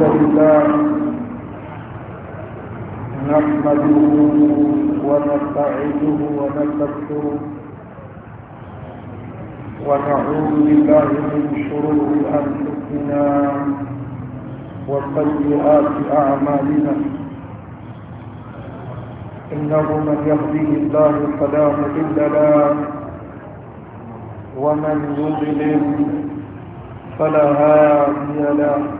الحمد لله نحمده ونستعينه ونستغفره ونعوذ بالله من شرور انفسنا وسيئات اعمالنا انه من يهديه الله فلا مضل له ومن يضلل فلا هادي له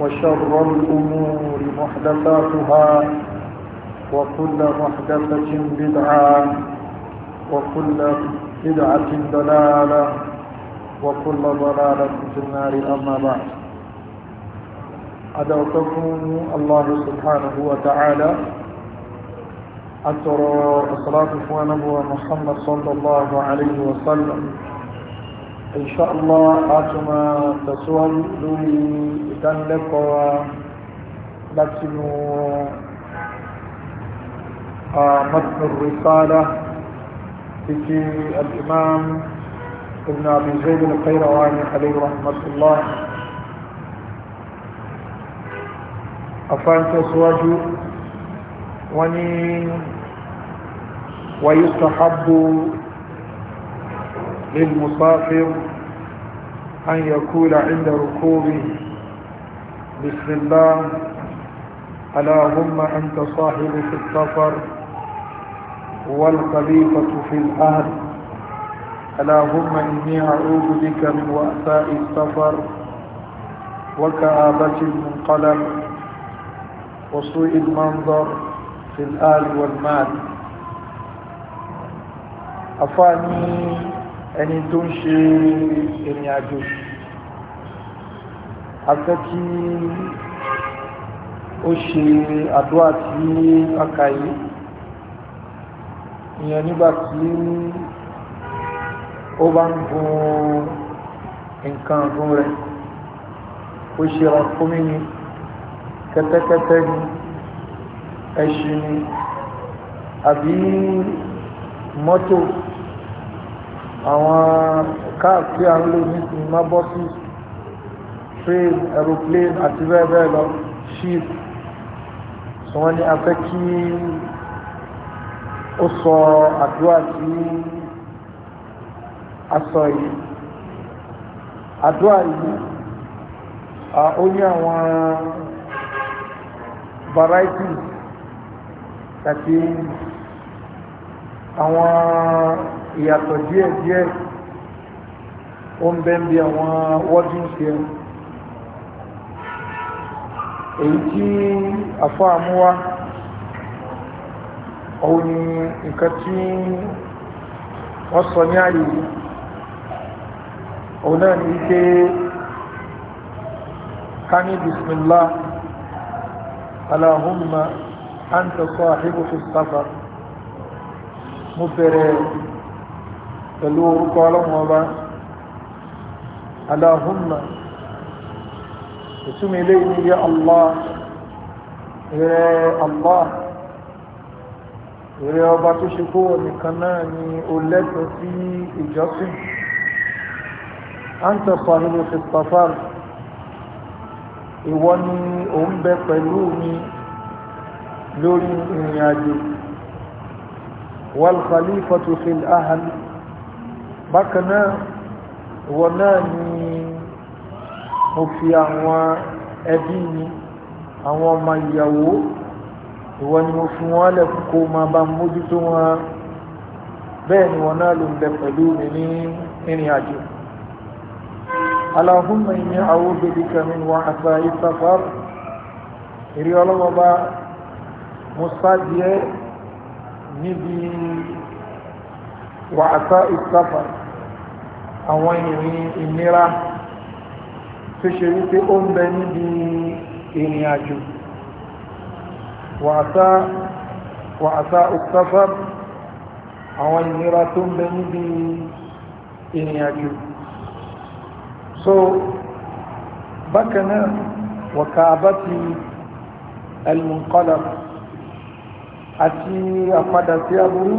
وشر الأمور محدثاتها وكل محدثة بدعة وكل بدعة ضلالة وكل ضلالة في النار أما بعد أدعوكم الله سبحانه وتعالى أترى الصلاة والسلام محمد صلى الله عليه وسلم إن شاء الله أتما تسوال لوري ìdánilẹ́kọ̀ọ́ látinú متن الرسالة في الإمام ابن أبي زيد القيرواني عليه رحمة الله أفانت سواجه وني ويستحب للمسافر أن يقول عند ركوبه بسم الله اللهم أنت صاحب في السفر والخليفة في الأهل اللهم إني أعوذ بك من وأساء السفر وكآبة المنقلب وسوء المنظر في الآل والمال أفاني ẹni tó ń ṣe ìrìn àjò afẹ́ kí ó ṣe àdúrà tí aka yìí ìyẹn nígbà tí ó bá ń gun nǹkan ọdún rẹ̀ ó ṣe ọkùnrin ni kẹ́tẹ́kẹ́tẹ́ ni ẹṣin ni àbí mọ́tò àwọn káàkiri tí a ń lò ní ìmọ̀ bọ́sì train aeroplane àti bẹ́ẹ̀ bẹ́ẹ̀ lọ ship so wọ́n ní a fẹ́ kí ó sọ àdúrà tí a sọ yìí àdúrà yìí ó ní àwọn varieties àti àwọn ìyàtọ̀ díẹ̀ díẹ̀ ó ń bẹ́ ń bí àwọn wọ́dún sí ẹ èyí tí àfọ́ àmúwá òun ni nǹkan tí wọ́n sọ ní ààyè òun náà ni wípé ká ní bismillah allahumma anta sahibu fi safar mo bẹ̀rẹ̀ pẹ̀lú orúkọ ọlọ́run ọba aláhùnmá ìtumọ̀ ilé ní yẹ allah rẹ allah rẹ ọba tó ṣe kó nìkan náà ni ó lẹ́tọ̀ọ́ sí ìjọsìn anta sahibu fi safar ìwọ ni ò ń bẹ pẹ̀lú mi lórí ìrìn àjò wal khalifatu bákan náà náà ni mo fi àwọn ẹbí mi àwọn ọmọ ìyàwó ìwọ ni mo fi wọn lẹ kó máa bá mójútó wọn bẹ́ẹ̀ ni wọn náà ló ń bẹ pẹ̀lú mi ní ìrìn àjò aláhùnmọ̀ ìní àwọn obìnrin kẹrin wọn àṣà ìsàfàr ìrí ọlọ́wọ́ mo sá níbi wà àṣà ìsáfà àwọn ìrìn ìnira tó ṣe wípé ó ń bẹ níbi ìrìn àjò wà àṣà ìsáfà àwọn ìnira tó ń bẹ níbi ìrìn àjò so bákanáà wàkàbátí al-munqalab àti àpadà sí aburú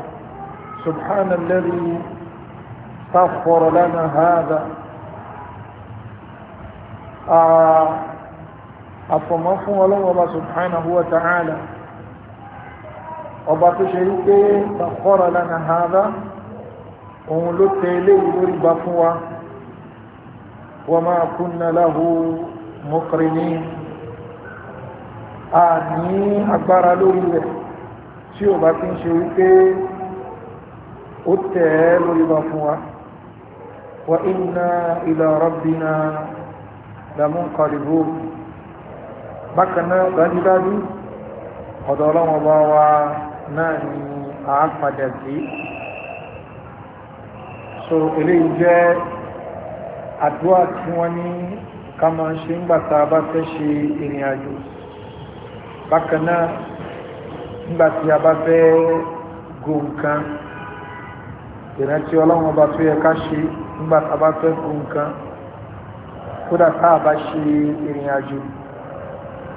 سبحان الذي سخر لنا هذا àfọ̀mọ́fún ọlọ́wọ́ ọba subhanahu wa ta'ala ọba tó ṣe rí pé bàkọ́rọ̀ lánà hádá òun ló tẹ́lé lórí bá fún wa wa ma kunna lahu muqrinin a ní agbára lórí rẹ̀ tí ó bá fi ń ṣe wípé ó tẹ̀ ẹ́ lórí bá fún wa wa inna ila rabbina lamunqalibun bákan náà dájúdájú ọ̀dọ̀ ọlọ́wọ́ bá wa náà ni a padà sí so eléyìí jẹ́ àdúrà tí wọ́n ní ká ṣe ń gbàtà bá fẹ́ ṣe ìrìn àjò bákan nígbàtí a bá fẹ́ gùn kan ìrántí ọlọ́run ọba tó yẹ ká ṣe nígbà tá a bá fẹ́ kú nǹkan kódà tá a bá ṣe ìrìn àjò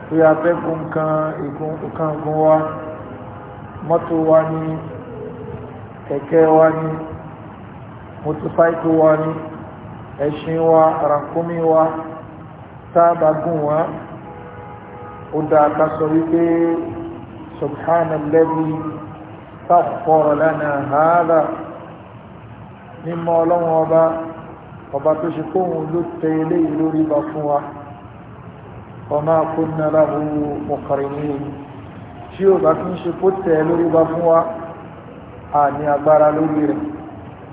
tó yẹ fẹ́ kú nǹkan ìgun nǹkan gun wa mọ́tò wa ní kẹ̀kẹ́ wa ní mọ́tòsáìkì wa ní ẹṣin wa ràkúnmí wa tá a bá gùn wá ó dáa ká sọ wípé subhanalladhi sakhkhara lana hadha mímọ́ ọlọ́run ọba ọba tó ṣe kóhun ló tẹ eléyìí lórí ba fún wa ọmọ akóná láhùn mọ̀kàrí ní èyí tí ó bá fi ń ṣe kó tẹ lórí ba fún wa a ní agbára lórí rẹ̀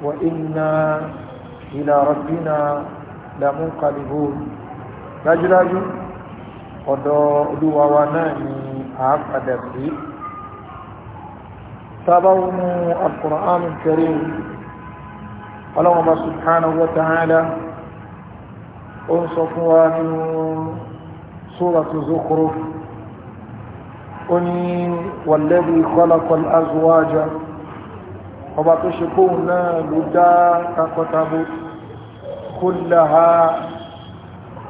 wa inna ila rabbina lamunqalibun dájúdájú ọ̀dọ̀ olúwa náà ni a padà sí tábàwọn Al-Qur'an Karim ọlọ́wọ́n bá subhanahu wa ta'ala ó ń sọ fún wa nínú suratu Zukhruf ó ní walladhi khalaqa al-azwaja ọba tó ṣe kóhùn náà ló dá kakọtabo kullaha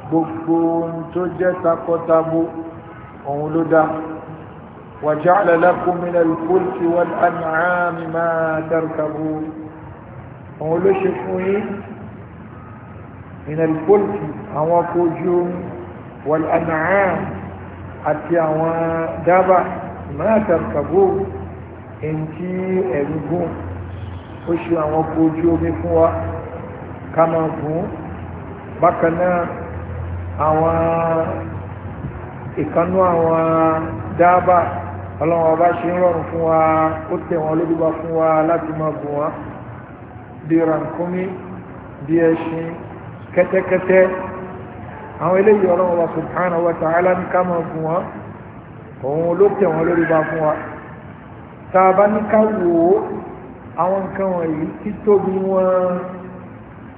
gbogbo tó jẹ́ takọtabo òun ló dá wa ja'ala lakum minal fulki wal an'ami òun ló ṣe fún yín ìnàlì pólìtì àwọn ọkọ̀ ojú omi wọ̀lì ànàán àti àwọn dábà ìmọ̀látàkàbò èyí tí ẹ̀rù gùn ó ṣe àwọn ọkọ̀ ojú omi fún wa ká máa gùn bákan náà àwọn ìkanú àwọn dábà ọlọ́wọ́n ọba ṣe ń rọrùn fún wa ó tẹ̀ wọ́n lójúbà fún wa láti máa gùn wọn bí rankumi bí ẹṣin kẹ́tẹ́kẹ́tẹ́ àwọn eléyìí ọlọ́run wa subhanahu wa ta'ala ní ká máa fún wọn òun ló tẹ̀ wọ́n lórí bá fún wa tá a bá ní ká wò ó àwọn nǹkan wọ̀nyí títóbi wọn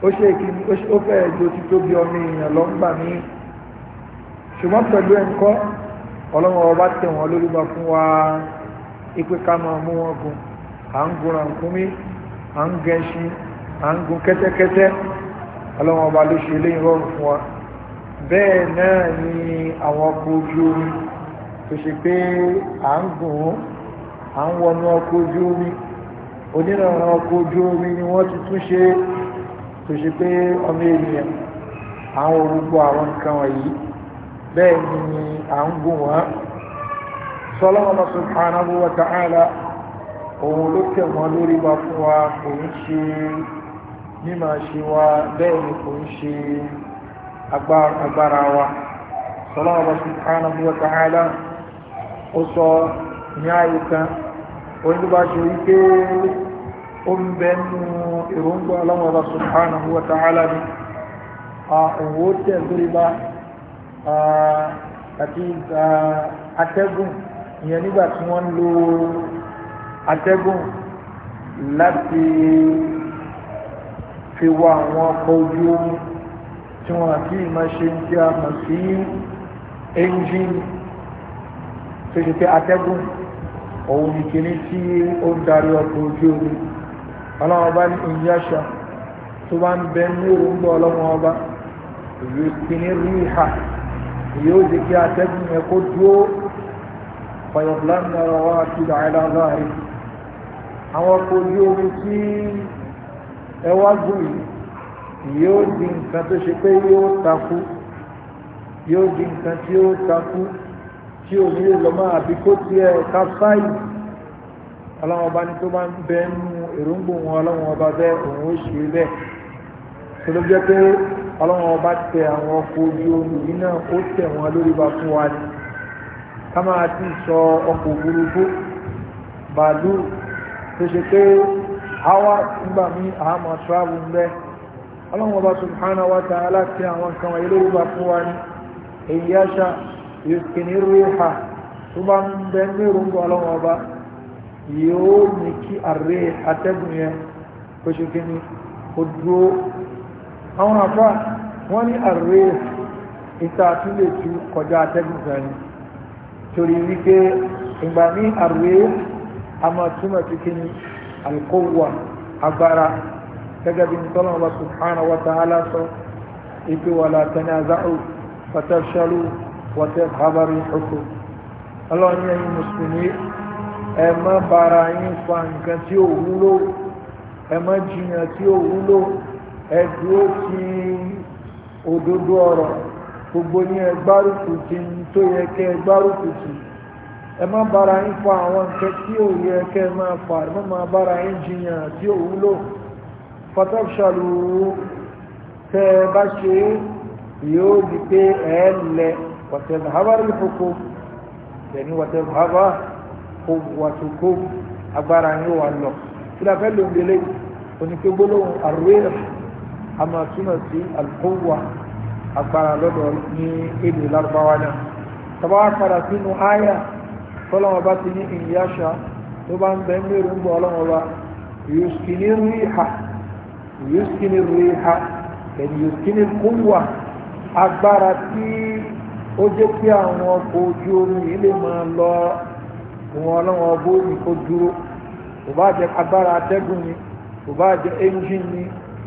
ó ṣe ìkíni ó fẹ́ẹ̀ jo títóbi ọmọ èèyàn lọ́ngbà ní ṣùgbọ́n pẹ̀lú ẹ̀ńkọ́ ọlọ́run ọba tẹ̀ wọ́n lórí bá fún wa ipe ká máa mú wọn gùn à ń gun rànkúmí à ń gẹṣin à ń gun kẹ́tẹ́kẹ́tẹ́ ọlọ́wọ́n ọba ló ṣe léyìn rọrùn fún wa bẹ́ẹ̀ náà ni àwọn ọkọ̀ ojú omi tó ṣe pé à ń gùn ún à ń wọnú ọkọ̀ ojú omi onírànràn ọkọ̀ ojú omi ni wọ́n ti tún ṣe tó ṣe pé ọmọ ènìyàn àwọn orúkọ àwọn nǹkan wọ̀nyí ni à ń òun ló tẹ̀ wọ́n lórí wa fún wa kò ń ṣe mímọ̀ ṣe wa bẹ́ẹ̀ ni kò ń ṣe agbára wa sọlọ́wọ́ subhanahu wa ta'ala ó sọ ní ààyè kan onígbà ṣe wípé ó ń bẹ nínú èròǹgbà ọlọ́wọ́ subhanahu wa ta'ala ni òun ó tẹ̀ lórí wa àti atẹ́gùn ìyẹn nígbà tí wọ́n lo atẹ́gùn láti fi wá àwọn ọkọ̀ ojú omi tí wọ́n àti ìmọ̀ ṣe ń tí a mọ̀ sí ẹ́ńjìnì tó ṣe pé atẹ́gùn òun ni kìíní tí ó ń darí ọkọ̀ ojú omi ọlọ́wọ́n bá ní ìyáṣà tó bá ń bẹ ní òwúgbọ́ ọlọ́wọ́n ọba ìwé kìíní rí ìhà yóò jẹ́ kí atẹ́gùn yẹn kó dúó fayọ̀bùlá ń dára wá àti ìdàgbàlá láàrin àwọn ọkọ̀ ojú omi tí ẹ wá gùn yìí yóò di nǹkan tó ṣe pé yóò takú yóò di nǹkan tí ó takú tí omi yóò lọ máa àbí kó tiẹ̀ ká fáyì ọlọ́wọ́n ọba ní tó bá ń bẹ nínú èròǹgbò wọn ọlọ́wọ́n ọba bẹ́ẹ̀ òun ó ṣe bẹ́ẹ̀ tó ló jẹ́ pé ọlọ́wọ́n ọba tẹ àwọn ọkọ̀ ojú omi yìí náà ó tẹ̀ wọn lórí ba fún wa ni ká máa ti sọ ọkọ̀ òfurufú bàálù tó ṣe pé hawa nígbà mí àmọ́ travel ń bẹ́ ọlọ́run ọba subhanahu wa ta'ala ti àwọn nǹkan wọ̀nyí lórí wa fún wa ní èyí àṣà yòókìní rúhà ní èròǹgbà ọlọ́run ọba yóò ní kí ní ìgbà ní a máa túmọ̀ sí kí ni alkowa agbára gẹ́gẹ́ bí nítorí wọn subhanahu wa ta'ala sọ ipe wala tanaza'u fatafshalu wa tadhhaba rihukum ọlọ́run ẹ̀yin mùsùlùmí ẹ má bára yín fa nǹkan tí ò wúlò ẹ má jiyàn tí ò wúlò ẹ dúró sí òdodo gbogbo ní ẹ gbárùkù tì tó yẹ kẹ́ ẹ gbárùkù tì ẹ má bára yín fa àwọn nǹkan tí ò yẹ kẹ́ ẹ máa fà ẹ má máa bára yín jiyàn tí ò wúlò fatafṣalu tẹ́ ẹ bá ṣe yóò di pé ẹ lẹ wàtẹ́bàbà rí fòkó ẹni wàtẹ́bàbà kò wàtòkó agbára yín wà lọ kí la fẹ́ lò délé oníke gbólóhùn àrùwé a máa túmọ̀ sí alkówà agbára lọ́dọ̀ ní èdè lárúbáwá náà tàbá padà sínú áyà tọ́lọ́wọ́ bá ti ní ìyáṣà tó bá ń bẹ mẹ́rù ń bọ̀ ọlọ́wọ́ bá yuskini riha yuskini ẹni yuskini kúwà agbára tí ó jẹ́ kí àwọn ọkọ̀ ojú omi yìí lè máa lọ wọn ọlọ́wọ́ kó dúró kò bá jẹ agbára atẹ́gùn ni kò bá jẹ ni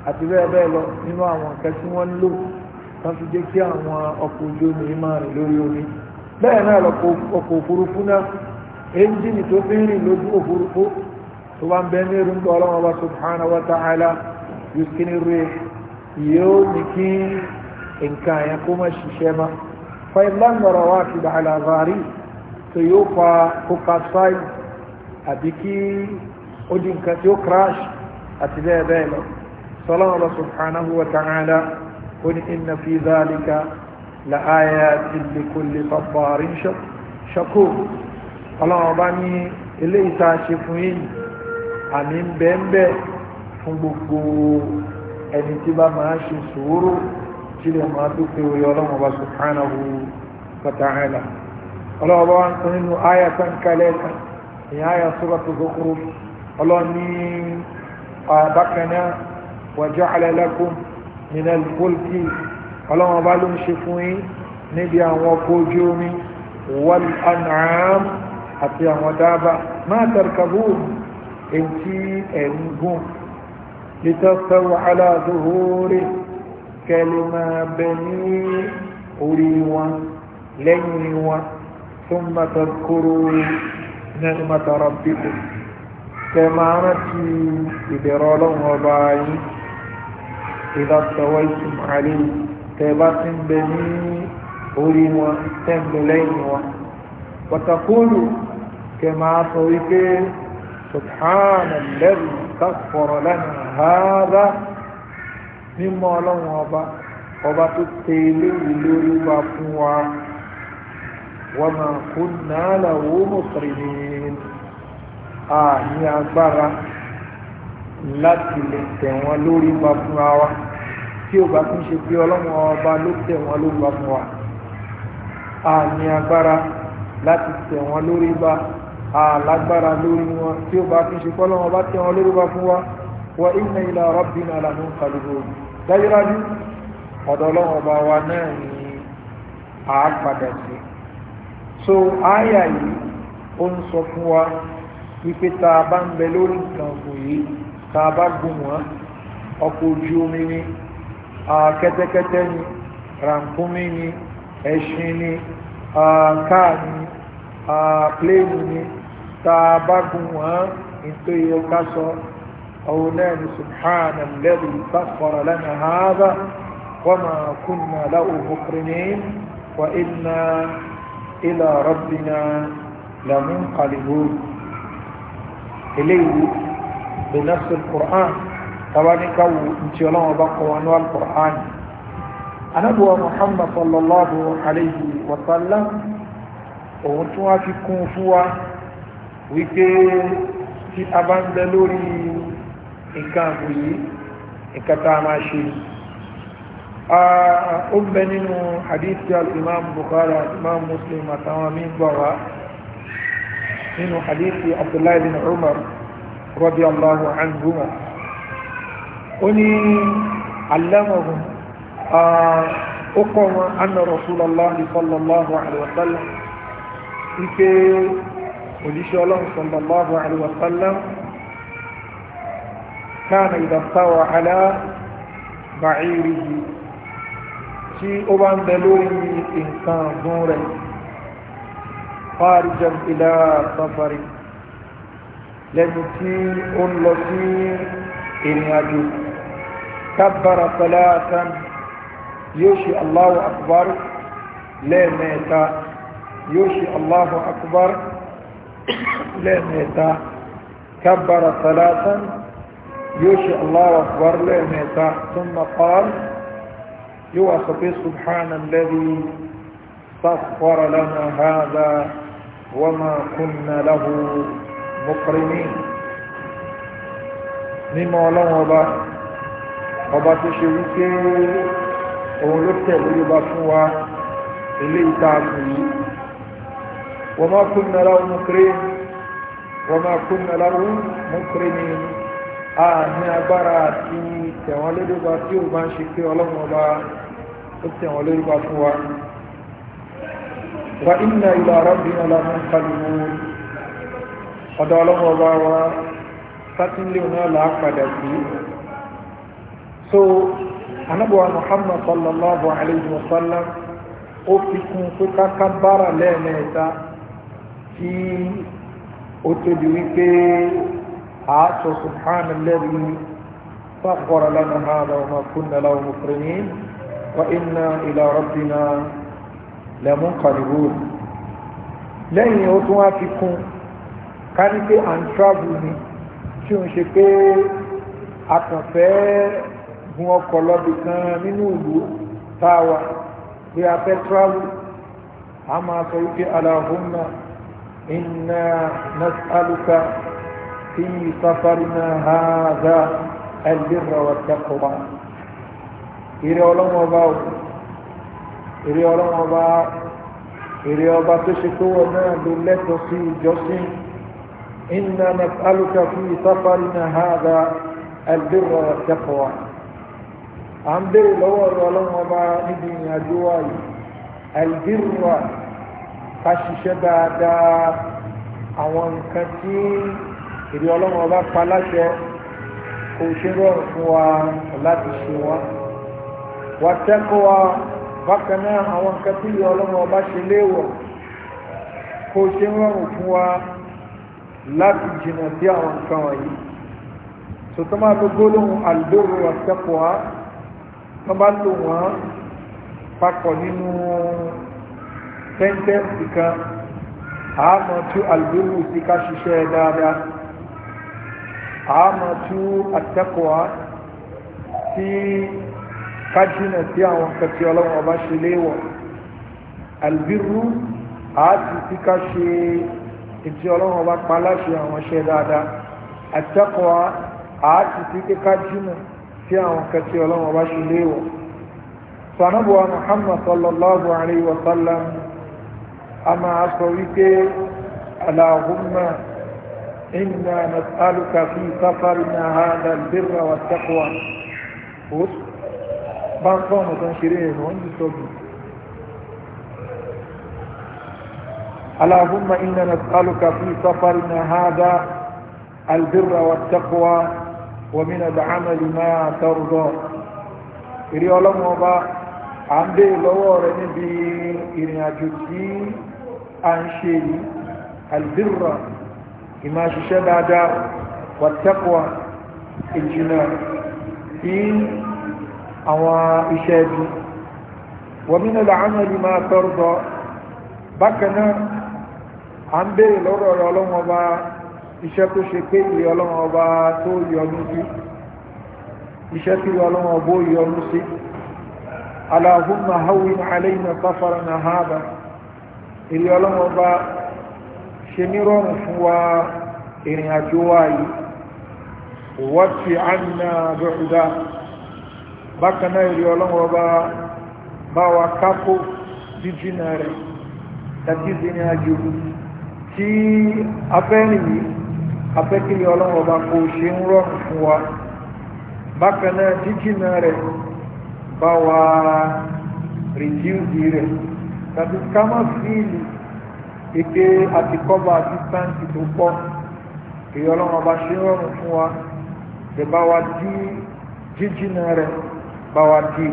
àti bẹ́ẹ̀ bẹ́ẹ̀ lọ nínú àwọn lò bẹ́ẹ̀ náà ọkọ̀ òfurufú náà ẹnjìnì tó fi ń rìn lójú òfurufú tó bá ń bẹ ní irun tó ọlọ́wọ́ bá subhanahu wa ta'ala yuskini rẹ̀ yóò ní kí nǹkan àyàn kó má ṣiṣẹ́ yóò fa kí ó di nǹkan tí ó crash àti لآيات لكل صبار شكور الله باني إلي تاشفين أمين بمبه fún gbogbo ẹni tí bá máa ṣe sùúrù tí lè máa tó pé orí ọlọ́run ọba subhanahu wa ta'ala ọlọ́run ọba wa ń sọ nínú àyà tán kalẹ̀ kan ìyẹn àyà suratu Zukhruf ọlọ́run ní bákan náà wa ja'ala lakum minal ọlọ́wọ́n bá ló ń ṣe fún yín níbi àwọn ọkọ̀ ojú omi wal an'am àti àwọn dábà máa tẹ̀rẹ̀kàbù èyí tí ẹ̀rù gùn lítọ́sẹ̀wọ̀ aláàdúhórí kẹlẹ̀ máa bẹ ní orí wọn lẹ́yìn wọn tó mọ́tọ̀ kúrò nínú mọ́tọ̀ rọ̀bíkù kẹ máa rántí ìbẹ̀rọ ọlọ́run ọba yìí ìdásọ̀wọ́ ìtumọ̀ àlẹ́yìn tẹ́ẹ̀bá ti ń bẹ ní orí wọn tẹ́ẹ̀bẹ̀ lẹ́yìn wọn pàtàkùrù kẹ máa sọ wípé subhana lẹ́rù sáfọ̀rọ̀ lẹ́nu hàádá mímọ́ ọlọ́run ọba ọba tó tẹ ilé ìlú olúwa fún wa wọ́n máa kú náà làwọn mùsùlùmí a ní agbára láti lè tẹ̀ lórí bá fún wa tí ó bá tún ṣe pé ọlọ́run ọba ló tẹ̀ wọ́n ló gbà fún wa a ní agbára láti tẹ̀ wọ́n lórí bá a lágbára lórí wọn tí ó bá tún ṣe pé ọlọ́run ọba tẹ̀ wọ́n lórí bá fún wa wọ inna ila rabbina lànà ń kàlùkò ọ̀dọ̀ ọlọ́run ọba wa náà ni a padà sí so àyà yìí ó ń sọ fún wa wípé tá a bá ń bẹ lórí nǹkan òyìn tá a bá gùn wọn ọkọ̀ ojú omi ni kẹ́tẹ́kẹ́tẹ́ ni rànkúnmí ni ẹṣin ni káà ni pléènì ni tá a bá gùn wọ́n ètò ìyẹ ká sọ ọ̀hún náà ni subhana alladhi sakhkhara lana hadha wa ma kunna lahu muqrinin wa inna ila rabbina lamunqalibun eléyìí bi nafsi quran tabanika wo nti ọlọ́wọ́ bá kọ́ wọn ní alukur'an anabuwa muhammad sallallahu alayhi wa sallam òun tún wá fi kún fún wa wípé tí a bá ń bẹ lórí nǹkan àbòyí nǹkan tá a máa ṣe ó bẹ nínú hadithi al-imam bukhari imam muslim àtàwọn míín gbà wá nínú hadithi abdullahi bin umar radiyallahu anhuma ó ní alámọ̀hún ó kọ́ wọn anna rasulallah sallallahu alaihi wa sallam ike òjíṣẹ́ ọlọ́run sallallahu alaihi wa sallam kana ìdàtàwà alá bàírìhì tí ó bá ń bẹ lórí nǹkan gún rẹ̀ safari lẹ́nu tí ó ń lọ sí كبر ثلاثا يوشي الله أكبر لا ميتا يوشي الله أكبر لا ميتا كبر ثلاثا يوشي الله أكبر لا ميتا ثم قال يوأخبي سبحان الذي صفر لنا هذا وما كنا له مقرنين مما لهم ọba tó ṣe wípé òun ló tẹ̀lé ọba fún wa ilé ìta àmì yìí wọ́n máa kún nára mọ́kúrẹ́ wọ́n máa kún nára mọ́kúrẹ́ ní àmì agbára àti tẹ̀wọ́n lérúgba tí ó bá ń ṣe pé ọlọ́run ọba ó tẹ̀wọ́n lérúgba fún wa wa inna ila rabbina la munqalibun ọ̀dọ̀ ọlọ́run ọba wa sátúndé náà là padà sí i so anabuwa muhammad sallallahu alayhi wa sallam ó fi kún pé káká bára lẹ́ẹ̀mẹ́ta kí ó tóbi wípé àátọ̀ subhana lẹ́rí sàkọrọ lánàá hàdà ọmọ kúnnà láwọn mùsùlùmí wa inna ila rabbina lẹ́mú kàlùbù lẹ́yìn ó tún wá fi kún ká ní travel ni tí ó ń ṣe pé a kàn fẹ́ẹ́ gun ọkọ̀ lọ́bì kan nínú ìlú táwa pé a fẹ́ tíráwù a máa sọ wípé aláhùnmá iná nasaluka fi safarina haza albirra wa taqwa ire ọlọ́wọ́ bá o ire ọlọ́wọ́ bá ọba tó ṣe tó wọ náà ló lẹ́tọ̀ọ́ sí ìjọsìn iná nasaluka fi safarina haza albirra wa taqwa à ń béèrè lọ́wọ́ ọ̀rọ̀ ọlọ́run ọba níbi ìrìnàjò wa yìí àìdírùwà ká ṣiṣẹ́ dáadáa àwọn nǹkan tí èrè ọlọ́run ọba pa láṣẹ kò ṣe rọrùn fún wa láti ṣe wọn wà tẹ́kọ̀ọ́ wa bákan náà àwọn nǹkan tí èrè ọlọ́run ọba ṣe léèwọ̀ kò ṣe rọrùn fún wa láti jìnnà sí àwọn nǹkan wọ̀nyí sọtọ́mọ́ àgbégbólóhùn àlùdóró wà tẹ́kọ̀ọ́ wa wọ́n bá lò wọ́n papọ̀ nínú sẹ́ńtẹ́ǹsì kan àmọ́ tú àlùbírù sí ká ṣiṣẹ́ dáadáa àmọ́ tú àtẹ́kọ̀ọ́ sí ká jìnà sí àwọn nǹkan tí ọlọ́run ọba ṣe léèwọ̀ àlùbírù àti sí ká ṣe ètí ọlọ́run ọba pa láṣẹ àwọn iṣẹ́ dáadáa àtẹ́kọ̀ọ́ àti sí ká jìnà tí àwọn kan tí ọlọ́wọ́n bá ṣe léwọ̀ sanabuwa muhammad sallallahu alayhi wa sallam a máa sọ wípé aláhùnmá iná nasaluka fi safari na hada albirra wa taqwa bá ń fọ́nà tó ń ṣeré ẹ̀rọ ń yí sọ́gbù aláhùnmá iná nasaluka fi safari na hada albirra wa taqwa ومن العمل ما ترضى إري ألم وبا عن بي لور نبي إري أجوتي عن شيء البر إما ششد والتقوى الجنان في أو إشادي ومن العمل ما ترضى بكنا عن دي لور ألم وبا iṣẹ́ tó ṣe pé ìyẹ́ ọlọ́run ọba tó yọnu sí iṣẹ́ tí ìyẹ́ ọlọ́run ọba ó yọnu sí aláhùnmá hawin aláìna sáfara na haaba ìyẹ́ ọlọ́run ọba ṣe nírọ̀rùn fún wa ìrìn àjò wa yìí wọ́tí àná bẹ̀rùdá bákan náà ọlọ́run ọba bá wa kápó jíjìnà rẹ̀ tàbí ìrìn àjò tí afẹ́rìn yìí afẹ́kìlì ọlọ́run ọba kò ṣe ń rọrùn fún wa bákan náà jíjìnà rẹ̀ bá wa rìdíùsì rẹ̀ tàbí ká má fíìlì èké àtikọ́bà àti sáǹtì tó pọ̀ èyí ọlọ́run ọba ṣe ń rọrùn fún wa lè bá wa dí rẹ̀ bá wa dí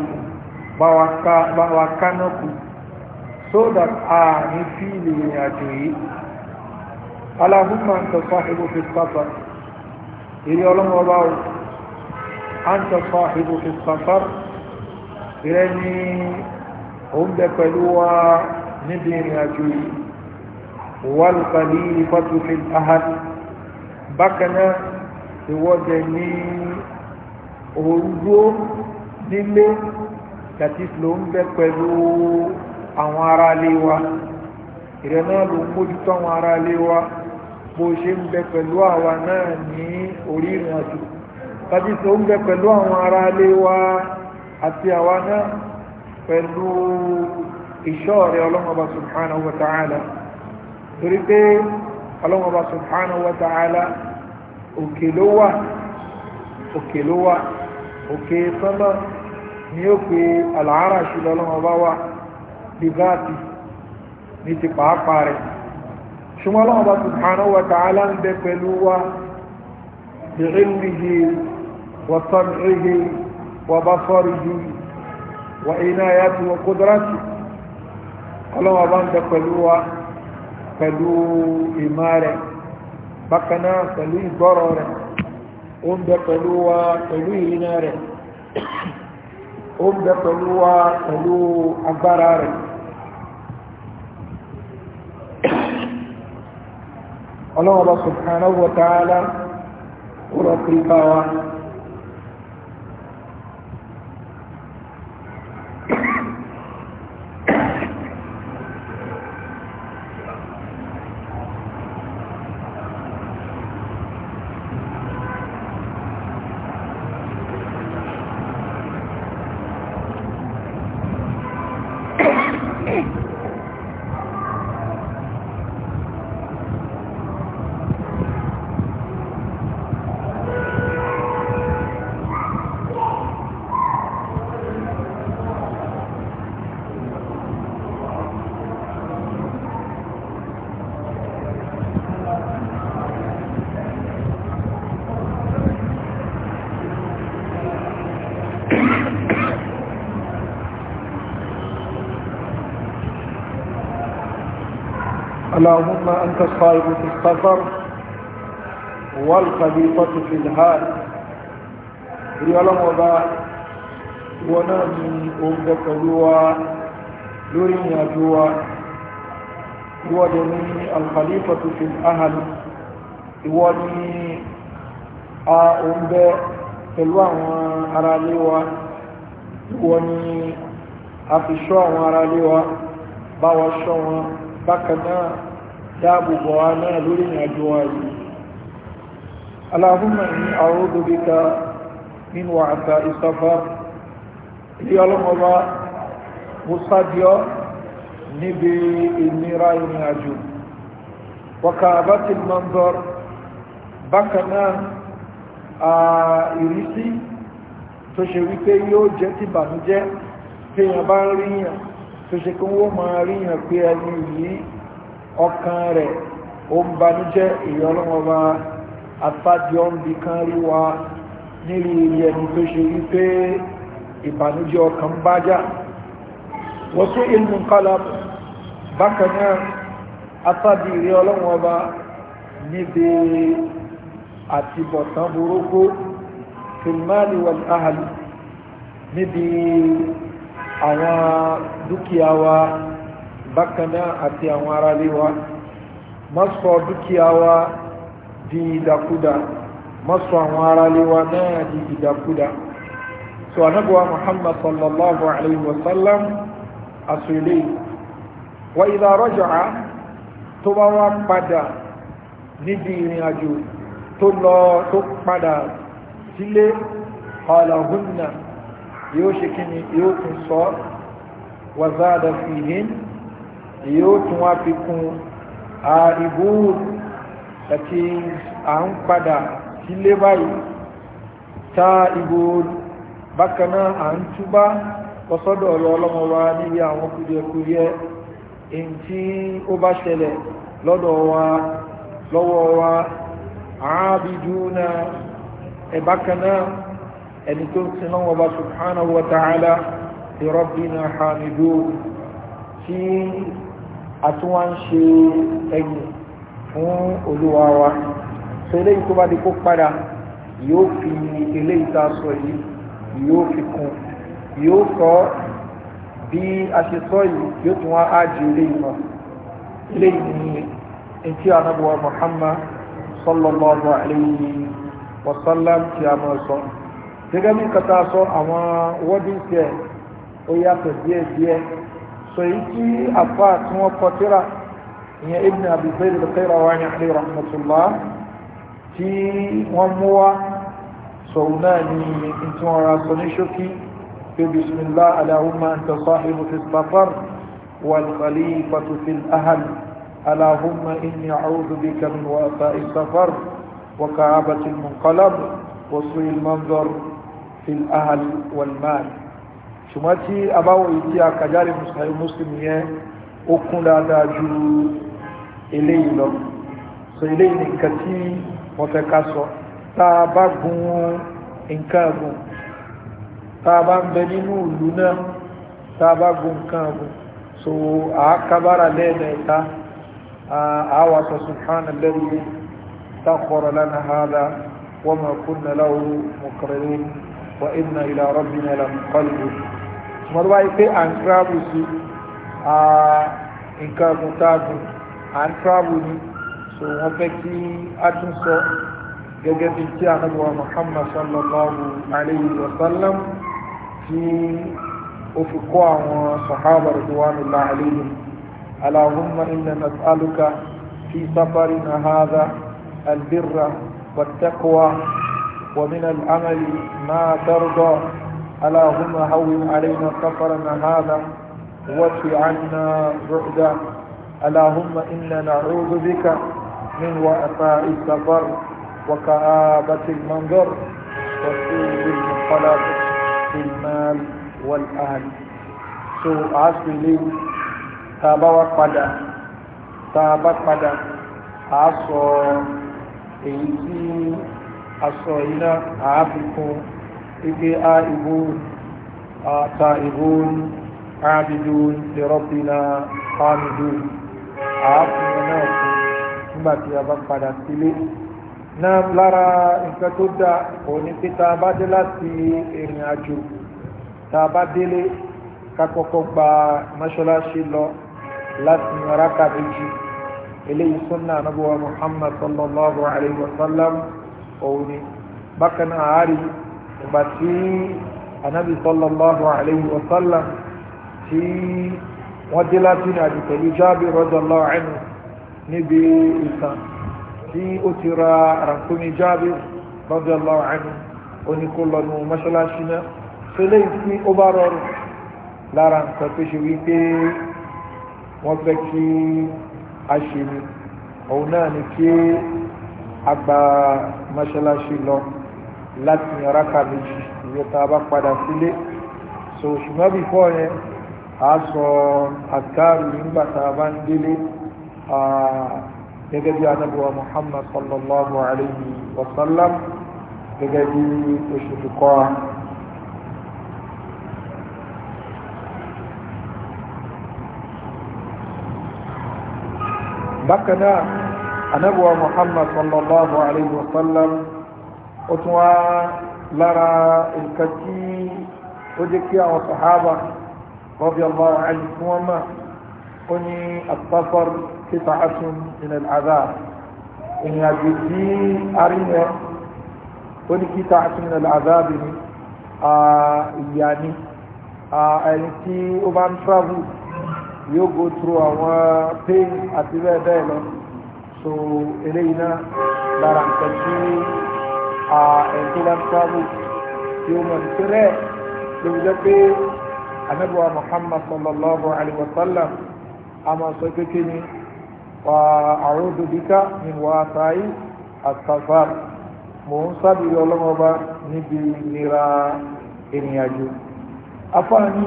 bá wa kánákù so that a ní fíìlì ìrìn yìí aláhùnmá ń tọ́sọ́ ìbò fi sáfà ìrẹ́ ọlọ́mọ ọba o á ń tọ́sọ́ ìbò fi sáfà ìrẹ́ ní òun bẹ pẹ̀lú wa níbi ìrìn àjò yìí wàlùkàlì ìfọ́tùfin ahadi bákanáà ìwọ́dẹ̀ ní orúgbó nílé tàbí ló ń bẹ pẹ̀lú àwọn ará ilé wa ìrẹ̀ náà ló ń mójútó àwọn ará ilé wa bó ṣe ń bẹ pẹ̀lú àwa náà ní orí ìrìn àjò tàbí tó ń bẹ pẹ̀lú àwọn ará ilé wa àti àwa náà pẹ̀lú ìṣọ́ rẹ̀ ọlọ́mọba subhanahu wa ta'ala torí pé ọlọ́mọba subhanahu wa òkè ló wà òkè sọ́nà ni ó pe àlàárà ṣùgbọ́n ọlọ́mọba wà bí báàtì ní ti pàápàá rẹ̀ ṣùgbọ́n ọlọ́run bá subhanahu wa ta'ala ń bẹ pẹ̀lú wa bi ilmihi wa sam'ihi wa basarihi wa inayati wa qudrati ọlọ́run bá ń bẹ pẹ̀lú wa pẹ̀lú ìmá rẹ̀ bákan pẹ̀lú ìgbọ́rọ̀ rẹ̀ ó ń bẹ pẹ̀lú wa pẹ̀lú ìrìnà rẹ̀ ó ń bẹ pẹ̀lú wa pẹ̀lú agbára rẹ̀ ọlọ́wọ́n bá subhanahu wa ta'ala ó rọ pípa wa اللهم أنت الصائب في السفر والخليفة في الهاد ìrìọ́lọ́wọ́ bá wọn náà ni oúnjẹ pẹ̀lú wa lórí ìyàjú wa ìwọ́dẹ̀ ní alkhalifa tó fi ahàlì ìwọ́ ni a oúnjẹ pẹ̀lú àwọn ará lé wa ìwọ́ ni a fi ṣọ́ àwọn ará lé wa bá wa ṣọ́ wọn bákan náà dáàbò bọ̀ wá náà lórí ìrìnàjò wa yìí aláhùnmọ̀ ní àwọ́dó bí ká nínú àta ìsọfà ilé ọlọ́mọba mo sádìọ́ níbi ìnira ìrìnàjò wọ́ka àbátí mọ́ndọ́r bákan náà ìrísí tó ṣe wípé yóò jẹ́ ti bànújẹ́ tí èèyàn bá ń ríyàn tó ṣe kí wọ́n máa ríyàn pé ẹni yìí ọkàn rẹ̀ ó ń banújẹ́ ìyọ́ ọlọ́mọba àtàjọ ń bi kan rí wa nílì ilé ẹni tó ṣe rí pé ìbànújẹ́ ọkàn ń bájá wọ́n tún ilmù kálá bákan náà àtàbí ìrí ọlọ́mọba níbi àtibọ̀tán burúkú fìlmáàlì wà áhàlì níbi àwọn dúkìá wa. Nibi, bákanáà àti àwọn ará lé wa má sọ dúkìá wa di ìdàkúdà má sọ àwọn ará lé wa náà di ìdàkúdà so anábọ̀wá muhammad sallallahu alayhi wa sallam aṣọ ilé wa ìdá rọ́jà tó bá wá padà níbi ìrìn àjò tó lọ tó padà sílé ọlọ́húnnà yóò ṣe kí ni yóò tún sọ wàzáàdà fi hìn yóò tún wá fi a àìbúrú àti à ń padà sílé báyìí ta ìbòrò bákanáà à ń túbá ọsọ́dọ̀ ọ̀rọ̀ wa níbi àwọn kùdìẹ̀kùdìẹ̀ èyí tí ó bá ṣẹlẹ̀ lọ́dọ̀ wa lọ́wọ́ wa na ẹ̀bákanáà ẹni tó ń sin bá subhanahu wa ta'ala ìrọ́bìnà hamidu àti wọ́n ń ṣe ẹ̀yìn fún olúwa wa so eléyìí tó bá di kó padà yóò fi eléyìí tá a sọ yìí yóò fi kún yóò sọ bí a ṣe sọ yìí yóò tún wá ájì eléyìí náà eléyìí ni etí anábọ̀ Muhammad sallallahu alayhi wa sallam tí a máa sọ gẹ́gẹ́ bí nǹkan tá a sọ àwọn wọ́dí tiẹ̀ ó yàtọ̀ díẹ̀ sọ èyí tí àfà tí wọ́n kọ tíra ìyẹn ibn abi zayd al-qayrawani alayhi rahmatullah tí wọ́n mú wá sọ̀rọ̀ náà ní tí wọ́n ra sọ ní ṣókí pé bismillah allahumma anta sahibu fi safar wal khalifatu fil ahl اللهم إني أعوذ بك من وفاء السفر وكعبة المنقلب وسوء المنظر في الأهل والمال ṣùgbọ́n tí a bá wọ̀ yìí tí a kàjáre muslim yẹn ó kún dáadáa ju eléyìí lọ so eléyìí ni nǹkan tí wọ́n fẹ́ ká sọ tá a bá gun nǹkan gùn tá a bá ń bẹ nínú ìlú náà tá a bá gun nǹkan gùn so a kábára lẹ́ẹ̀mẹ́ta a wà sọ subhana lẹ́yìn sakhara lana hada wa ma kunna lahu muqrinin wa inna ila rabbina lamunqalibun ṣùgbọ́n tó bá yí pé à ń travel sí nǹkan ọ̀gùn táàgùn à ń travel ni so wọ́n fẹ́ kí a tún sọ gẹ́gẹ́ bí tí ànábì wa Muhammad sallallahu alayhi wa sallam tí ó fi kọ́ àwọn sahaba radwanullahi alayhim اللهم إنا نسألك في سفرنا هذا البر والتقوى ومن العمل ما ترضى هم هون علينا سفرنا هذا واشف عنا بعدا اللهم إنا نعوذ بك من وأساء السفر وكآبة المنظر وسوء المنقلب في المال والأهل سوء عسل لي تابا وقدا تابا قدا عصر èyí tí aṣọ iná ike àìbùn àtàìbùn abidun, lèrọ́bìnà àmìdùn àáfin náà fún nígbà tí a bá padà sílé náà lára nǹkan tó dá òní pé tá a bá dé láti ìrìn àjò tá bá délé ká gba mọ́ṣáláṣí lọ láti raka méjì eléyìí sunna anabuwa muhammad sallallahu alaihi wasallam sallam òun ni bákan náà àárín ìgbà tí anabi sallallahu alayhi wa sallam tí wọ́n dé láti ní àjò pẹ̀lú jábì radallahu anhu níbi ìtàn tí ó ti ra ràkúnmí jábì radallahu anhu oníkólọ́nù mọ́ṣáláṣí náà sọlé ìsí ó bá rọrùn lára nǹkan tó ṣe wípé wọ́n fẹ́ kí a ṣe ni òun náà ni kí a gba mọ́ṣáláṣí lọ láti yan rákà méjì ìyẹn tá a bá padà sílé so ṣùgbọ́n bífọ́ yẹn a sọ àgáàrù nígbà tá a bá ń délé gẹ́gẹ́ bí anábíwá muhammad sallallahu alayhi wa sallam gẹ́gẹ́ bí oṣù tó kọ́ wa. bákan sallallahu alayhi wa sallam ó tún wá lára nǹkan tí ó jẹ́ kí àwọn sàhábà radiyallahu anhum fún wọn mọ̀ ó ní àtàfàr kíta àtún ìnà àdá ìrìn àjò tí arìnrìn ó ní kíta àtún ìnà àdá bìnrin ìyá ni ẹni tí ó bá ń travel yóò go through àwọn pain àti bẹ́ẹ̀ bẹ́ẹ̀ lọ so eléyìí náà lára nǹkan tí ẹni tó bá ń tábù tí ó mọ̀ nítorí rẹ̀ ló fi jẹ́ pé anábíwá muhammad sallallahu alayhi wa sallam a máa sọ kékeré ni wà a'udhu bika min wa'sa'i àtàfàr mò ń sábìrì ọlọ́mọba níbi ìnira ìrìnàjò afáàní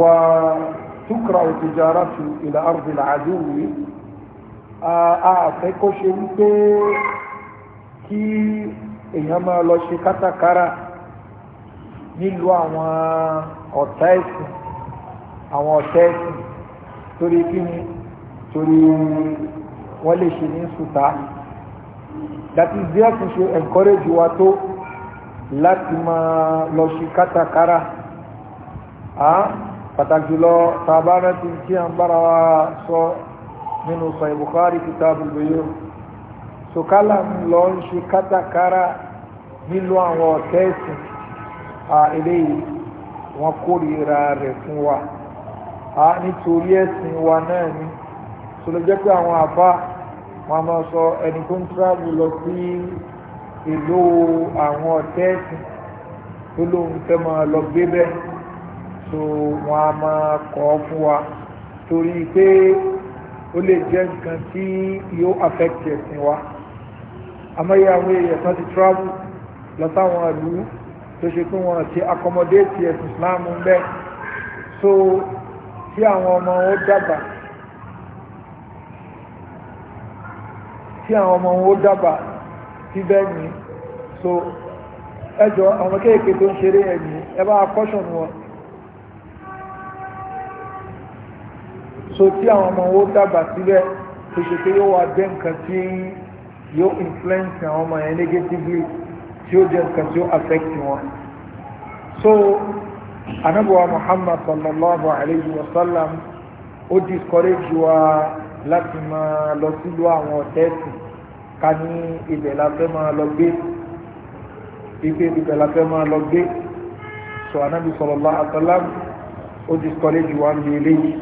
wà tukra tijaratu ila ardi al-aduwi a fẹ́ ṣe wípé kí èèyàn máa lọ ṣe kátàkárà nílùú àwọn ọ̀tá ẹ̀sìn àwọn ọ̀tá ẹ̀sìn torí kí ni torí wọ́n lè ṣe ní sùtá that is there to ṣe encourage wa tó láti máa lọ ṣe kátàkárà pàtàkì lọ tàbá rántí tí a ń bára wa sọ nínú sọ ìbùkárí kìtàbùl buyur sọkálà ń lọ ń ṣe kátàkárà nílò àwọn ọ̀tẹ́ẹ̀sì eléyìí wọ́n kórìíra rẹ̀ fún wa nítorí ẹ̀sìn wa náà ni sọlọ pé àwọn àbá wọn a máa sọ ẹni tó ń tíráàbù lọ sí ìlú àwọn ọ̀tẹ́ẹ̀sì tó lóun fẹ́ máa lọ gbé bẹ́ẹ̀ so wọn a máa kọ́ fún wa torí pé ó lè jẹ́ nǹkan tí yóò affect ẹ̀sìn wa àmọ́yé àwọn èèyàn kan ti travel lọ sáwọn ìlú tó ṣe pé wọ́n ti accommodate ẹ̀sìn islam ń bẹ́ẹ̀ so tí àwọn ọmọ wọn dàgbà tí àwọn ọmọ wọn dàgbà síbẹ̀ ní so ẹjọ́ àwọn kéèké tó ń ṣeré ẹ̀mí ẹ bá caution wọn so tí àwọn ọmọ wọn dàgbà síbẹ̀ tó ṣe pé yóò wá jẹ́ nǹkan tí yóò influence àwọn ọmọ yẹn negatively tí ó jẹ́ nǹkan tí ó affect wọn so anabuwa muhammad sallallahu alayhi wa sallam ó discourage wa láti máa lọ sílùú àwọn ọ̀tẹ́ẹ̀sì ká ní ibẹ̀ la fẹ́ máa lọ gbé ipe ibẹ̀ la fẹ́ máa lọ gbé so anabi sallallahu alayhi wa sallam ó discourage wa ní eléyìí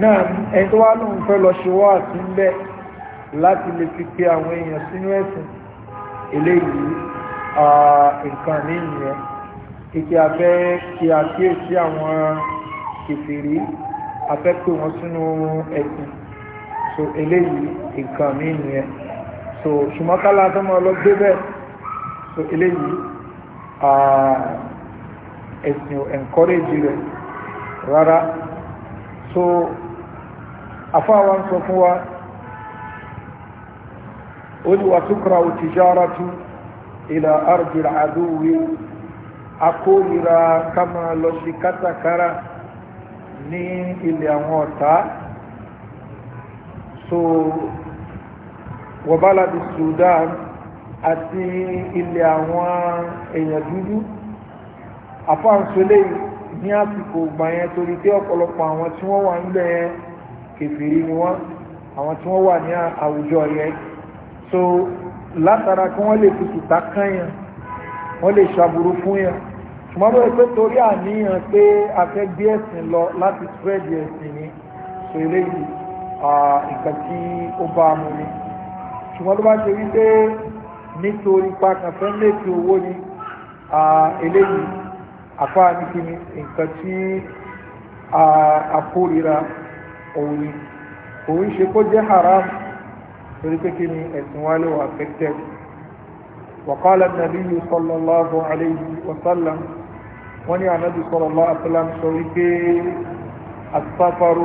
náà ẹni tó wá lóun fẹ́ lọ ṣe wá sí bẹ́ẹ̀ láti lè fi pé àwọn èèyàn sínú ẹ̀sìn eléyìí nǹkan ní ìyẹn kìkì afẹ́ kí a kíyèsí àwọn kìfìrí afẹ́ pé sínú ẹ̀sìn so eléyìí nǹkan ní ìyẹn so ṣùgbọ́n kálá tó máa bẹ́ẹ̀ so eléyìí ẹ̀sìn ò encourage rẹ̀ rárá so afọ́ àwọn sọ fún wa. ó ní wàtúkra òtìjára tú ìlà arjìl àdúwì akóyira ká máa lọ sí kátàkárà ní ilẹ̀ àwọn so wọ̀bálàdì Sudan àti ilẹ̀ àwọn èèyàn dúdú àfáànsólé ní àsìkò ògbà yẹn torí pé ọ̀pọ̀lọpọ̀ àwọn so látara kí wọ́n lè fi kìtà kányàn wọ́n lè ṣàbùrú fún yàn ṣùgbọ́n bẹ́ẹ̀ pé torí àníyàn pé a fẹ́ ẹ̀sìn lọ láti spread ẹ̀sìn ni so eléyìí nǹkan tí ó bá mu ni ṣùgbọ́n tó bá ṣe wípé nítorí pákan fẹ́ méjì owó ni eléyìí àfáà ní kí ni nǹkan tí a kórira òun ni òun ṣe kó jẹ́ haram torí pé kí ni ẹ̀sìn wa ló wà affected وقال النبي صلى الله عليه وسلم وني النبي صلى الله عليه وسلم سويكي السفر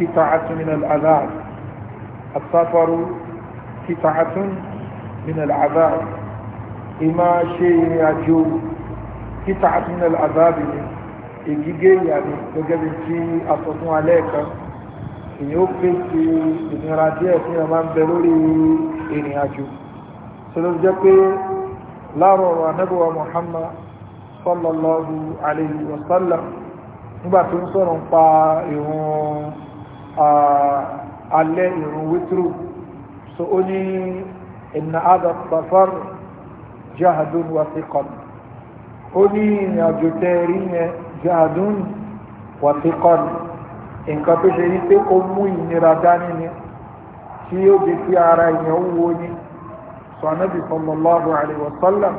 قطعة من العذاب السفر قطعة من العذاب إما شيء يجو قطعة من العذاب إجيجي يعني وجبتي أصدقوا عليك ìyẹn ó fèsì ìnira díẹ̀ fún yàn máa ń bẹ lórí ìrìn àjò sọlọ́ jẹ́ pé láàrọ̀ ọ̀rọ̀ anábọ̀wá Muhammad sallallahu alayhi wa sallam nígbà tó ń sọ̀rọ̀ ń pa ìrun alẹ́ ìrun wítírù so nǹkan tó ṣe ní pé ó mú ìnira dání ni tí ó di pé ara èèyàn wúwo ni sọ̀nàbì sallallahu alaihi wa sallam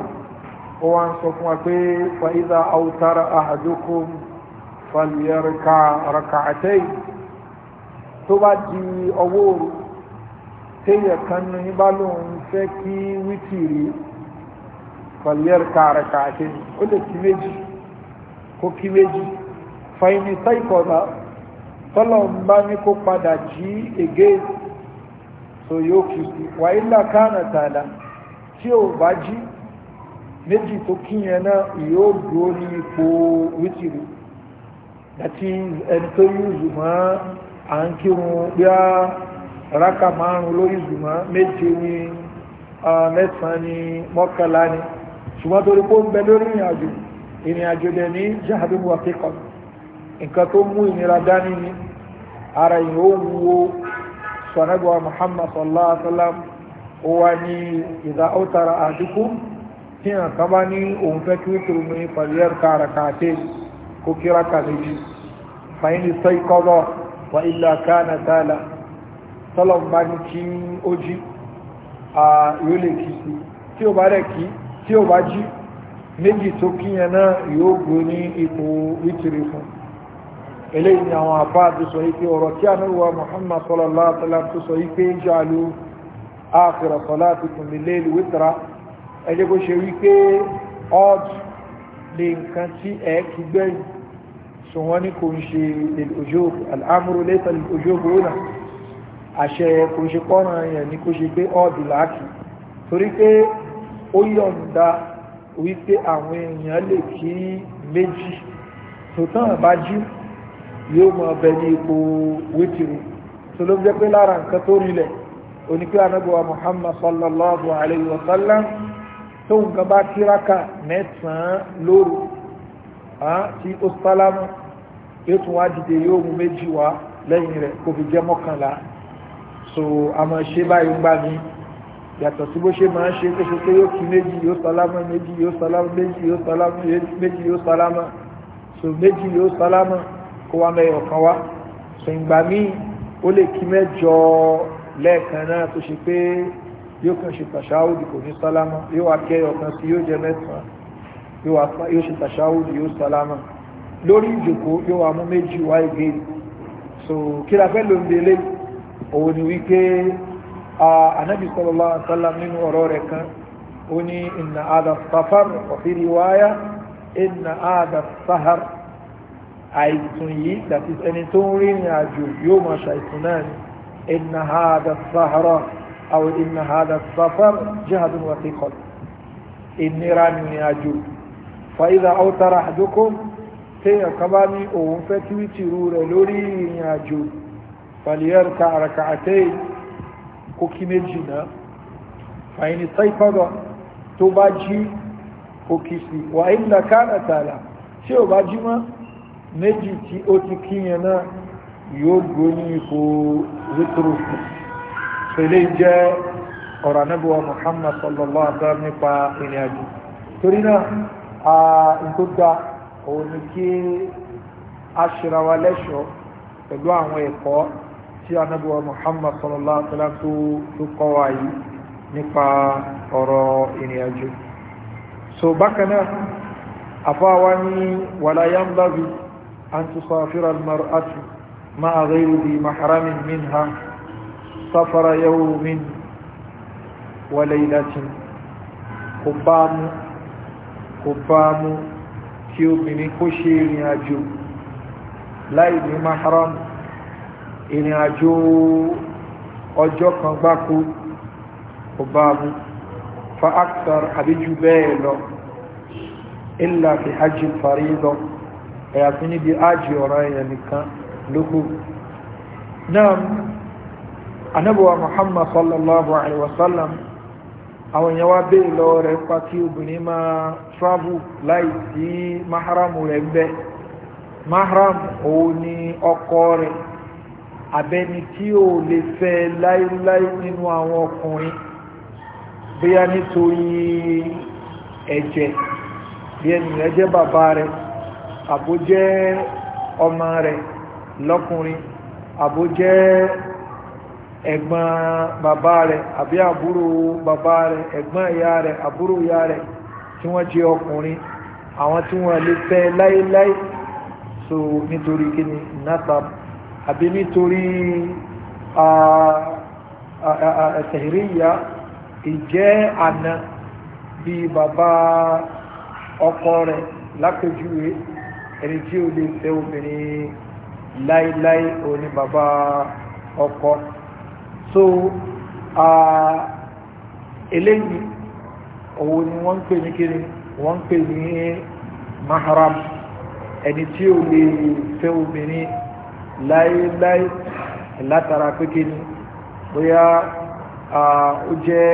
ó wá ń sọ fún wa pé fa idha awtara ahadukum falyarka rak'atayn tó bá di ọwọ́ òru téèyàn kan ní bá lóun fẹ́ kí wítìrì falyarka rak'atayn ó lè kí méjì kó kí méjì fa in istayqadha tọ́lọ̀ ń bá ní kó padà jí ègé tó yóò kí sí wàílà kánà tààlà tí ò bá jí méjì tó kíyàn náà yóò dúró ní ipò wítìrì àti ẹni tó yúzù mọ́ à ń kírun bí ráka márùn ló yúzù méje ní mẹ́sàn ní mọ́kànlá ni ṣùgbọ́n torí pé ń bẹ lórí ìrìn àjò ìrìn àjò dẹ̀ ní jahadu wa fẹ́kọ̀ọ́ nǹkan tó mú ìnira dání ni ara ìhó wo sọ̀nẹ́gbọ̀ muhammad sallallahu alaihi wa sallam ó wá ní ìdá ó tara àdínkù tí a kan bá ní òun fẹ́ kí wítìrì ní pàlíyàr kára káàtẹ́ kó kíra ká méjì fàyín ní sọ ìkọ́lọ̀ wà ilà kánà tààlà tọ́lọ̀ bá ní kí ó jí a yóò lè kí sí tí ó bá rẹ̀ kí tí ó bá jí méjì tó kíyàn náà yóò gbó ní ipò wítìrì fún un eléyìí ni àwọn àbáàdì sọ yìí pé ọ̀rọ̀ tí a níwà muhammad sallallahu alaihi wasallam tó sọ yìí pé ń jàlú àfihàn sọlá ti kùn ní léèlú wítara ẹjẹ́ bó ṣe wí pé ọ́d lè nǹkan tí ẹ kì gbẹ̀yìn sọ wọ́n ní kò ń ṣe òjò al'amúrú lẹ́tà òjò yóò máa bẹ ní ipò wítìrì tó ló jẹ́ pé lára nǹkan tó rinlẹ̀ oníkí anábọ̀wá muhammad sallallahu alayhi wa sallam tó nǹkan bá kíráka mẹ́sàn-án lóru tí ó sálámù yóò tún wá dìde yóò mú méjì wá lẹ́yìn rẹ̀ kó fi jẹ́ mọ́kànlá so a máa ṣe báyìí gbá mi yàtọ̀ sí bó ṣe máa ń ṣe tó ṣe pé yóò kí méjì yóò sálámù méjì yóò sálámù méjì yóò sálámù méjì yóò sálámù so méjì yóò sálámù kó wá mẹ́yọ̀ kan wá sọ ìgbà míì ó lè kí mẹ́jọ lẹ́ẹ̀kan náà tó ṣe pé yóò kàn ṣe tàṣáwùdì kò ní sálámà yóò wá kí ẹyọ kan sí yóò jẹ mẹ́sàn-án yóò ṣe tàṣáwùdì yóò sálámà lórí ìjòkó yóò wá mú méjì wá igé so kí la fẹ́ ló ń délé òun ni wípé anabi sallallahu alaihi nínú ọ̀rọ̀ rẹ̀ kan ó ní ìnà àdà safar wa ìnà àdà àìsùn yìí tàbí ẹni tó ń rìnrìn àjò yóò máa ṣàìsùn náà ni inna hada sahara aw inna hada safar jihadun wa thiqal ìnira nìrìn àjò fa idha awtara ahadukum téèyàn kan bá ní òun fẹ́ tíwítìrú rẹ̀ lórí ìrìn àjò fàlìyàrùka àràkà àtẹ́yì kó kí méjì náà fàyíní sáìfàdọ̀ tó bá jí kó kí sí wà ìlàkánà tí ó bá jí mọ́ méjì tí ó ti kíyàn náà yóò gbó ní ipò wítúrù pẹ̀lẹ́ jẹ́ ọ̀rọ̀ anábíwá Muhammad sallallahu alaihi wa sallam nípa ìrìn àjò torí náà a tó dá òun ni kí a ṣera wa lẹ́ṣọ̀ọ́ pẹ̀lú àwọn ẹ̀kọ́ tí anábíwá Muhammad sallallahu alaihi wa sallam tó kọ́ wa yìí nípa ọ̀rọ̀ ìrìn àjò so bákan náà àfáwa ní wàlàyé ń bá bi أن تصافر المرأة مع غير ذي محرم منها سفر يوم وليلة قبام قبام كيوبني كشير ياجو لا ذي محرم إن ياجو ọjọ́ kan gbáko فأكثر mu fa aksar àbíjú bẹ́ẹ̀ lọ fi níbi ájì ọ̀rọ̀ ẹ̀yàn nìkan lókù náà anábọ̀wà muhammad sallallahu alaihi wasallam àwọn èèyàn wá bèèrè lọ rẹ̀ pa kí obìnrin máa travel láì sí mahram rẹ̀ bẹ́ mahram òun ni ọkọ rẹ̀ abẹ́ni tí ò lè fẹ́ láíláí nínú àwọn ọkùnrin bóyá nítorí ẹ̀jẹ̀ bí ẹnìyàn jẹ́ bàbá rẹ̀ àbó jẹ́ ọmọ rẹ̀ lọ́kùnrin àbó jẹ́ ẹ̀gbọ́n bàbá rẹ̀ àbí àbúrò bàbá rẹ̀ ẹ̀gbọ́n ìyá rẹ̀ àbúrò ìyá rẹ̀ tí wọ́n jẹ́ ọkùnrin àwọn tí wọ́n lè fẹ́ láéláé so nítorí kíni nasab àbí nítorí ẹ̀sẹ̀ríyà ìjẹ́ àna bíi bàbá ọkọ rẹ̀ lápèjúwe ẹni tí ó lè fẹ́ obìnrin láíláí òní bàbá ọkọ so eléyìí òun ni wọ́n ń pè ní kiri wọ́n ń pè ní mahram ẹni tí ó lè fẹ́ obìnrin láíláí látara pé kiri bóyá ó jẹ́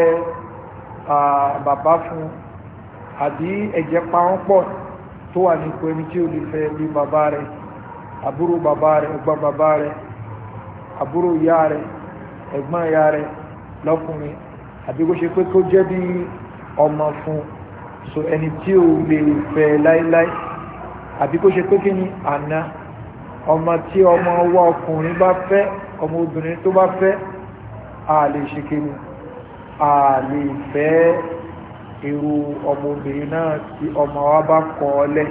bàbá fún àbí ẹ̀jẹ̀ pa wọ́n pọ̀ ní tó wà ní pé ní tí ó lè fẹ́ bí bàbá rẹ̀ àbúrò bàbá rẹ̀ ẹ̀gbọ́n bàbá rẹ̀ àbúrò ìyá rẹ̀ ẹ̀gbọ́n ìyá rẹ̀ lọ́kùnrin àbí kó ṣe pé kó jẹ́ bí ọmọ fún so ẹni tí ó lè fẹ́ láíláí àbí kó ṣe pé kí ni àná ọmọ tí ọmọ wa ọkùnrin bá fẹ́ ọmọ obìnrin tó bá fẹ́ a lè ṣe kí ni a lè irú ọmọbìnrin náà tí ọmọ wa bá kọ̀ ọ́ lẹ̀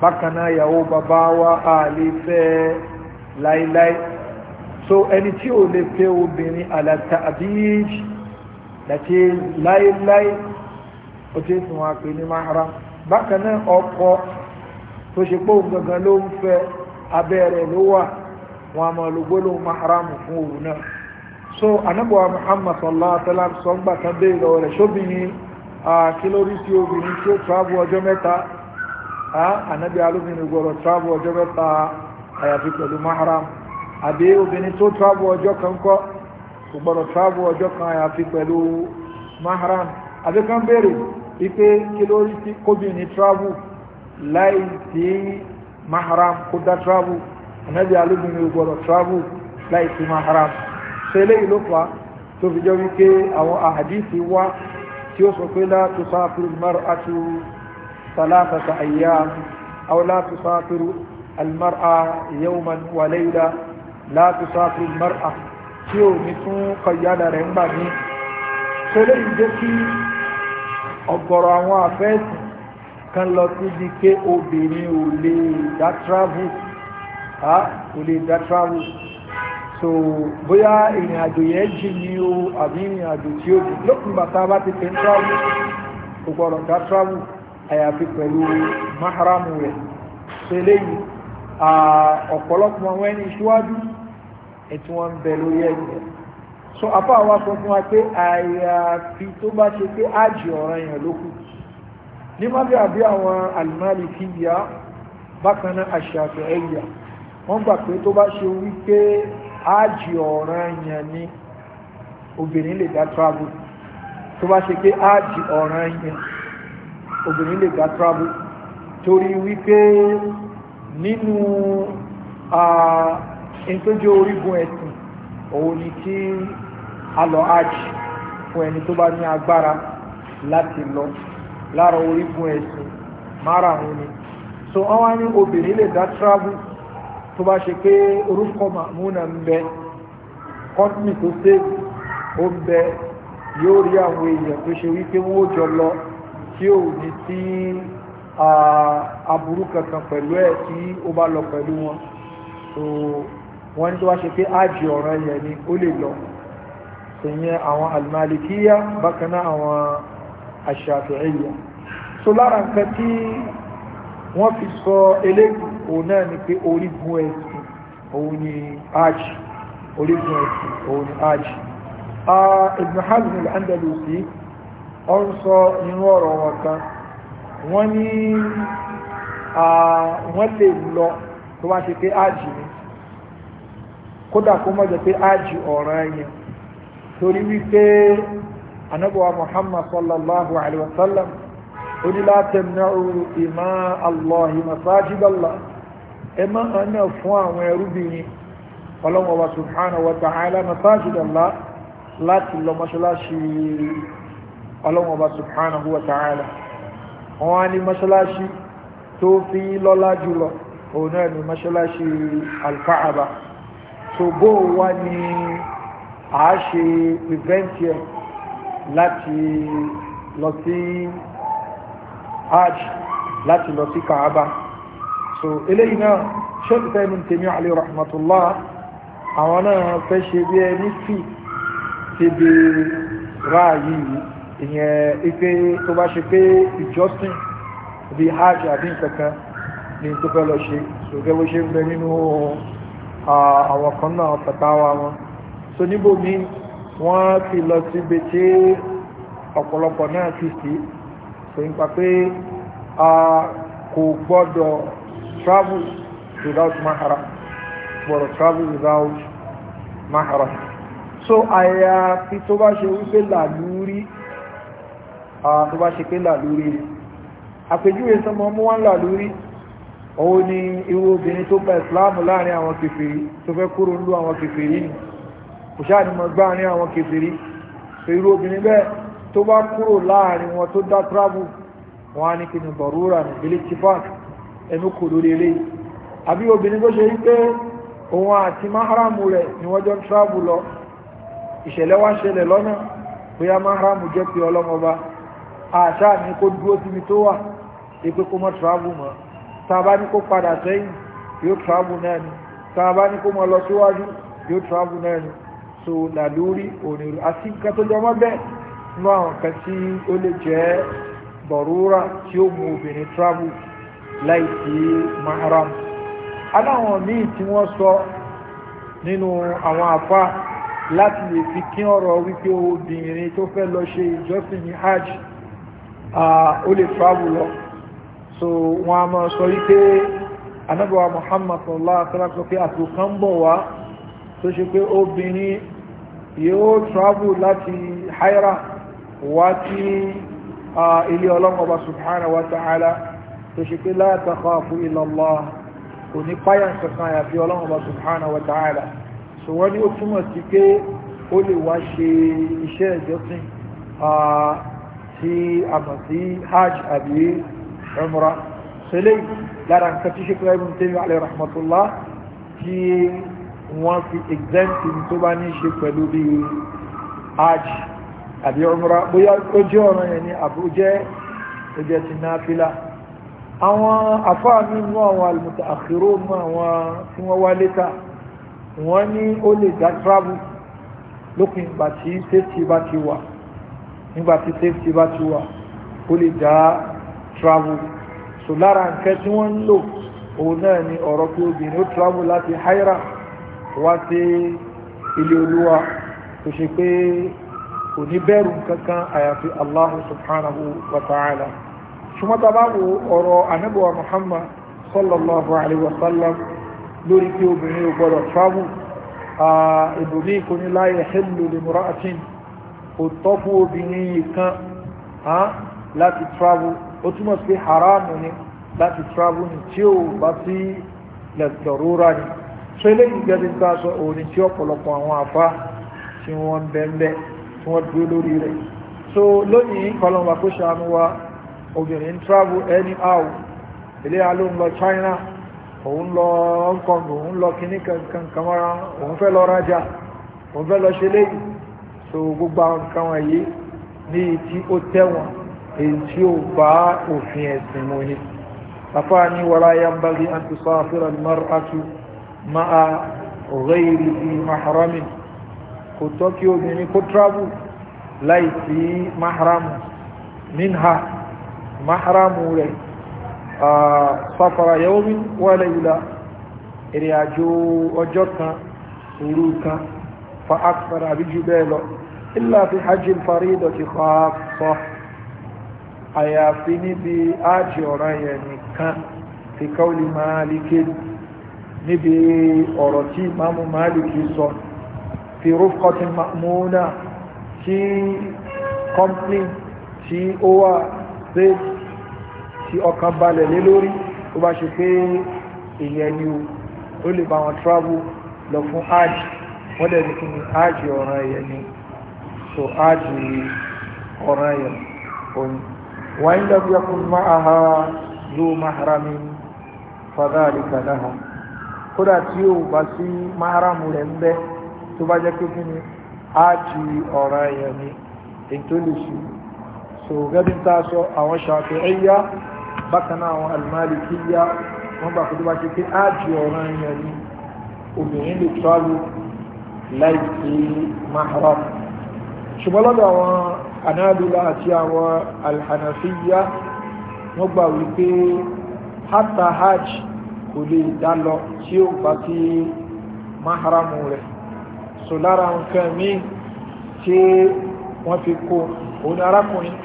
bákan náà ìyàwó bàbá wa á so ẹni tí ò lè fẹ́ obìnrin àlàtà àbíyíjì dàtí láíláí ó ti fún wa pè ní bákan náà ọkọ tó ṣe pé òun gangan ló ń fẹ́ abẹ́rẹ́ ló wà wọn a máa lo gbólóhùn fún òun náà so muhammad sọ ń gbà Ah, kílórí tí obìnrin tí ó travel ọjọ́ mẹ́ta ah, ànábì alóbìnrin gbọ́dọ̀ travel ọjọ́ mẹ́ta àyàfi pẹ̀lú mahram àbí obìnrin tó travel ọjọ́ kan kọ́ travel ọjọ́ kan àyàfi pẹ̀lú maharam. àbí kan béèrè wípé kílórí tí kóbìnrin travel láì sí maharam kó dá travel ànábì alóbìnrin gbọ́dọ̀ travel láì sí mahram ṣe eléyìí ló fà tó fi jọ wípé àwọn wá tí ó sọ pé la tusafiru almar'atu thalathata ayyam aw la tusafiru almar'a yawman wa layla la tusafiru almar'a tí ó ní tún kọ̀yádà rẹ̀ ń gbà ní tó lè jẹ́ kí ọ̀gọ̀rọ̀ àwọn àfẹ́sì kan lọ sí di pé obìnrin ò lè dá travel so bóyá ìrìn àjò yẹn jì ní o àbí ìrìn àjò tí ó jì lókùn bàtà bá ti fẹ́ travel kò gbọ́dọ̀ ká travel àyàfi pẹ̀lú maharamu rẹ̀ ṣẹlẹ̀ yìí ọ̀pọ̀lọpọ̀ àwọn ẹni ìṣíwájú ẹ̀tí wọ́n ń bẹ lórí ẹ̀yìn rẹ̀ so apá àwa sọ fún wa pé àyàfi tó bá ṣe pé ájì ọ̀ràn yẹn ló kù ní má bí àbí àwọn Al-Malikiyya bákan náà Ash-Shafi'iyya wọ́n gbà pé tó bá ṣe wípé ájì ọ̀ràn yẹn ni obìnrin lè dá travel tó bá ṣe pé ájì ọ̀ràn yẹn obìnrin lè dá travel torí wípé nínú ìtọ́jú orígun ẹ̀sìn òun ni kí a lọ ájì fún ẹni tó bá ní agbára láti lọ lára orígun ẹ̀sìn márààrún ni so wọ́n wá ní obìnrin lè dá travel tó bá ṣe pé orúkọ màmúnà ń bẹ kọ́ńtìmì tó séèkì ó ń bẹ yóò rí àwọn èèyàn tó ṣe wípé wọ́n jọ lọ tí ò ní sí aburú kankan pẹ̀lú ẹ̀ tí ó bá lọ pẹ̀lú wọn so wọ́n tó wá ṣe pé ájì ọ̀ràn yẹn ni ó lè lọ sèyẹn àwọn alimalikiya bákan náà àwọn aṣàfihàn so lára nǹkan tí wọ́n fi sọ eléyìí òun náà ni pé orígun ẹ̀sìn òun ni hajj orígun ẹ̀sìn òun ni hajj ibn hazm al-andalusi ọ́n sọ nínú ọ̀rọ̀ wọn kan wọ́n ní wọ́n lè lọ tó wá ṣe pé hajj ni kódà kó mọ́ jẹ́ pé hajj ọ̀ràn yẹn torí wípé anabuwa muhammad sallallahu alaihi wasallam onílátẹ̀mnáru ìmá allahi masajidallah ẹ má hàn náà fún àwọn ẹrúbìnrin ọlọ́wọ́ wa subhanahu wa ta'ala masajid Allah láti lọ mọ́ṣáláṣí ọlọ́wọ́ wa subhanahu wa ta'ala wọ́n á ní mọ́ṣáláṣí tó fi lọ́lá jùlọ òun náà ní mọ́ṣáláṣí alkaaba so bó wá ní a ṣe event yẹn láti lọ sí hajj láti lọ sí kaaba so eléyìí náà ṣẹ́kù tẹ́mi tèmi àlè rahmatullah àwọn náà fẹ́ ṣe bí ẹni fì tèbi ráàyè yìí ìyẹn ipe tó bá ṣe pé ìjọsìn bí hajj àbí nǹkan kan ní tó fẹ́ lọ ṣe so gẹ́gẹ́ bó ṣe ń bẹ nínú àwọn kan náà fatawa wọn so níbo mi wọ́n ti lọ síbi tí ọ̀pọ̀lọpọ̀ náà ti sí so nípa pé kò gbọ́dọ̀ travel without mahram gbọ́dọ̀ travel without mahram so àyàfi tó bá ṣe wípé làlúrí tó bá ṣe pé làlúrí àpèjúwe sọmọ mú wọn làlúrí òun ni irú obìnrin tó gba ìsìláàmù láàrin àwọn kèfèrí tó fẹ́ kúrò ń lú àwọn kèfèrí ni kò ṣáà ní àwọn kèfèrí so irú obìnrin bẹ́ẹ̀ tó bá kúrò láàrin wọn tó dá travel wọn á ní kí ni ní ilé chifak ẹnu kò lórí eré àbí obìnrin tó ṣe rí pé òun àti máhàrámù rẹ̀ ni wọ́n jọ ń tíráàbù lọ ìṣẹ̀lẹ̀ wá ṣẹlẹ̀ lọ́nà bóyá máhàrámù jẹ́ pé ọlọ́mọba àṣà ní kó dúró síbi tó wà èpè kó mọ́ tíráàbù mọ́ tàbá ní kó padà sẹ́yìn yóò tíráàbù náà ni tàbá ní kó mọ́ lọ síwájú yóò tíráàbù náà ni so làlórí òrìrì àti nǹkan tó jọmọ́ bẹ́ẹ̀ nú àwọn kan tí ó lè jẹ́ bọ̀rúra tí ó mú obìnrin tíráàbù láì sí mahram aláwọn míì tí wọ́n sọ nínú àwọn àfá láti lè fi kí ọ̀rọ̀ wípé obìnrin tó fẹ́ lọ ṣe ìjọsìn ní hajj ó lè travel lọ so wọ́n a máa sọ wípé anábọ̀wà muhammad sallallahu alaihi wasallam sọ pé àtòkà ń bọ̀ wá tó ṣe pé obìnrin yóò travel láti haira wá sí ilé ọlọ́mọba subhanahu wa ta'ala tó ṣe pé la takhafu illa Allah kò ní páyà kankan àyàfi ọlọ́run ọba subhanahu wa ta'ala so wọ́n ní ó túmọ̀ sí pé ó lè wá ṣe iṣẹ́ ìjọsìn tí a mọ̀ sí hajj àbí umrah sẹ́lẹ̀ lára nǹkan tí ṣekúrẹ́ ibùn tẹ́lú alẹ́ rahmatullah ṣe pẹ̀lú bí hajj ọ̀rọ̀ yẹn ni àbújẹ́ ó ti náà fílà àwọn àfáàmì inú àwọn àlùmọ̀tà àkérò mú àwọn tí wọ́n wá létà wọ́n ní ó lè dá travel lópin ìgbà tí safety bá ti wà nígbà tí safety bá ti wà ó lè dá travel so lára nǹkan tí wọ́n ń lò òun náà ni ọ̀rọ̀ pé obìnrin ó travel láti haira wá sí ilé olúwa tó ṣe pé kò ní bẹ̀rù kankan àyàfi Allah subhanahu wa ta'ala ṣùgbọ́n tá a bá wo ọ̀rọ̀ anábọ̀wá muhammad sallallahu alayhi wa sallam lórí pé obìnrin ò gbọ́dọ̀ travel ìbòmí kò ní láyé hello lè múra àti kò tọ́ fún obìnrin kan láti travel ó túmọ̀ sí haramu ni láti travel ni tí ó bá sí lẹ́tọ̀rọ́ra ni so eléyìí gẹ́gẹ́ bí sọ òní tí ọ̀pọ̀lọpọ̀ àwọn afá tí wọ́n bẹ́ẹ̀ bẹ́ẹ̀ tí wọ́n dúró lórí rẹ̀ so lónìí kọlọ́mà kó ṣàánú wa obìnrin ń travel anyhow ilé aló ń lọ China òun lọ Hong Kong òun lọ kíní kankan kamara òun fẹ́ lọ rajà òun fẹ́ lọ ṣe léyìí so gbogbo àwọn nǹkan wọ̀nyí ní tí ó tẹ̀wọ̀n èyí tí ó bá òfin ẹ̀sìn mu ni afaani wala yambagi an tusafira almar'atu ma'a ghayri fi mahramin kò tọ́ kí obìnrin kó travel láì sí mahram minha mahramu rẹ̀ safara yawmin wa layla ìrìn àjò ọjọ́ kan òru kan fa akthara àbí jù bẹ́ẹ̀ lọ illa fi hajjil faridati khassa àyàfi níbi ájì ọ̀ràn yẹn nìkan fi qawli Maliki níbi ọ̀rọ̀ tí imamu Maliki sọ fi rufqatin ma'muna tí kọ́mpín tí ó wà ṣe tí ọkàn balẹ̀ lé lórí ó bá ṣe pé ni ó lè bá wọn travel lọ fún hajj wọ́n dẹ̀ ní kí ni hajj ọ̀ràn ẹ̀yẹ ni so hajj ọ̀ràn ẹ̀yẹ òní wọ́n lọ́bí ọkùnrin máa ha ló mahrami fadhalika laha kódà tí ó bá sí mahramu rẹ̀ ń tó bá jẹ́ pé so gẹ́gẹ́ tá a sọ àwọn ṣàfi'íyà bákan náà àwọn almalikíyà wọ́n gbà kúrò bá ṣe pé áàjì ọ̀ràn yẹn ni obìnrin lè tọ́lù láì sí mahram ṣùgbọ́n lọ́dọ̀ àwọn anábìlá àti àwọn alhànàfíyà wọ́n gbà wípé hata hajj kò lè dá lọ tí ó bá ti mahram rẹ̀ so lára nǹkan míì tí wọ́n fi kó òun arákùnrin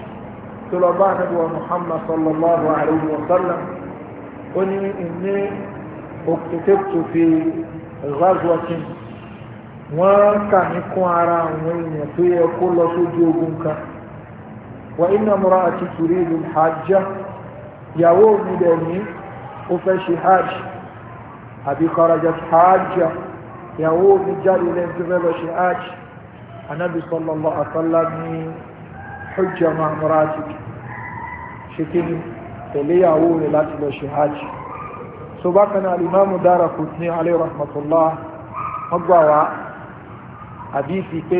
tó lọ bá ànábì wa muhammad sallallahu alayhi wa sallam ó ní ní òkùtẹ́kùtù fi ghazwatin wọ́n kà ní kún ara àwọn èèyàn tó yẹ kó lọ sójú ogun kan wa inna imra'ati turidu hajja ìyàwó mi dẹ̀ ní ó fẹ́ ṣe hajj àbí kharajat hajja ìyàwó mi jáde lẹ́yìn tó fẹ́ lọ ṣe hajj anábì sallallahu alayhi wa ní hujja ma muratik ṣe kí ni tẹ̀lé ìyàwó rẹ̀ láti lọ ṣe hajj so bákan náà alimamu dára kò ní alẹ́ rahmatullah wọ́n gbà wá àdífi pé